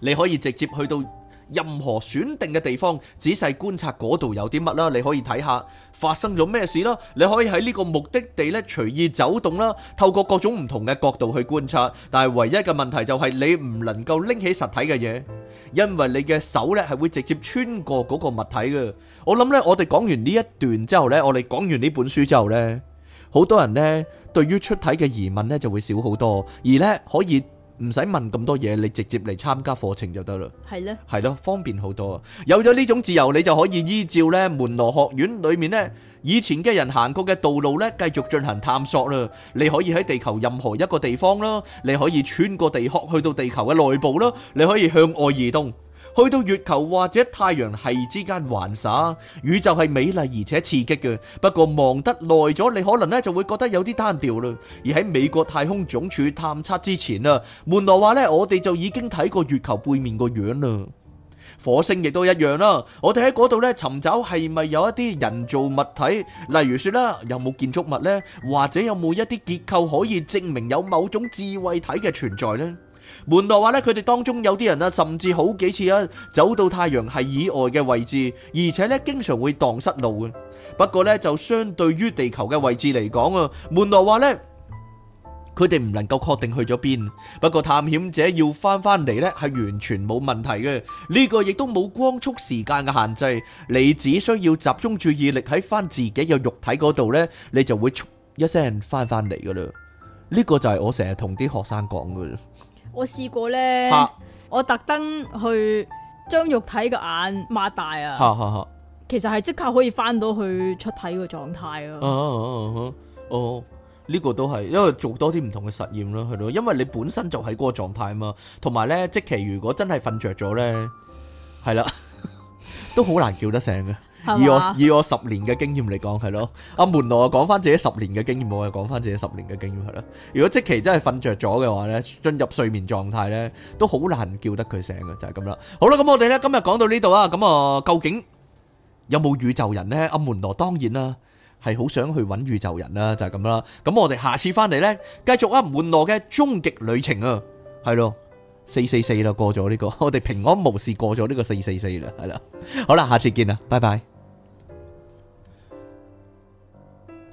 你可以直接去到。任何選定嘅地方，仔細觀察嗰度有啲乜啦，你可以睇下發生咗咩事啦，你可以喺呢個目的地咧隨意走動啦，透過各種唔同嘅角度去觀察，但係唯一嘅問題就係你唔能夠拎起實體嘅嘢，因為你嘅手咧係會直接穿過嗰個物體嘅。我諗咧，我哋講完呢一段之後咧，我哋講完呢本書之後咧，好多人呢對於出體嘅疑問呢就會少好多，而呢可以。唔使問咁多嘢，你直接嚟參加課程就得啦。係咧，係咯，方便好多。有咗呢種自由，你就可以依照咧門羅學院裏面呢以前嘅人行過嘅道路咧，繼續進行探索啦。你可以喺地球任何一個地方啦，你可以穿過地殼去到地球嘅內部啦，你可以向外移動。去到月球或者太陽系之間玩耍，宇宙係美麗而且刺激嘅。不過望得耐咗，你可能咧就會覺得有啲單調啦。而喺美國太空總署探測之前啊，門羅話咧，我哋就已經睇過月球背面個樣啦。火星亦都一樣啦，我哋喺嗰度咧尋找係咪有一啲人造物體，例如說啦，有冇建築物咧，或者有冇一啲結構可以證明有某種智慧體嘅存在咧？門羅話咧，佢哋當中有啲人啊，甚至好幾次啊，走到太陽系以外嘅位置，而且咧經常會蕩失路嘅。不過咧，就相對於地球嘅位置嚟講啊，門羅話咧，佢哋唔能夠確定去咗邊。不過探險者要翻翻嚟咧，係完全冇問題嘅。呢個亦都冇光速時間嘅限制，你只需要集中注意力喺翻自己嘅肉體嗰度咧，你就會一聲翻翻嚟噶啦。呢個就係我成日同啲學生講噶。我試過咧，哈我特登去將肉體個眼擘大啊，哈哈，其實係即刻可以翻到去出體個狀態啊。哦，呢個都係因為做多啲唔同嘅實驗啦，係咯，因為你本身就喺嗰個狀態嘛。同埋咧，即期如果真係瞓着咗咧，係啦， 都好難叫得醒嘅。以我以我十年嘅經驗嚟講，係咯。阿門羅講翻自己十年嘅經驗，我又講翻自己十年嘅經驗係啦。如果即期真係瞓著咗嘅話咧，進入睡眠狀態咧，都好難叫得佢醒嘅，就係咁啦。好啦，咁我哋咧今日講到呢度啊。咁啊，究竟有冇宇宙人咧？阿門羅當然啦，係好想去搵宇宙人啦，就係咁啦。咁我哋下次翻嚟咧，繼續阿門羅嘅終極旅程啊。係咯，四四四啦，過咗呢個，我哋平安無事過咗呢個四四四啦，係啦。好啦，下次見啦，拜拜。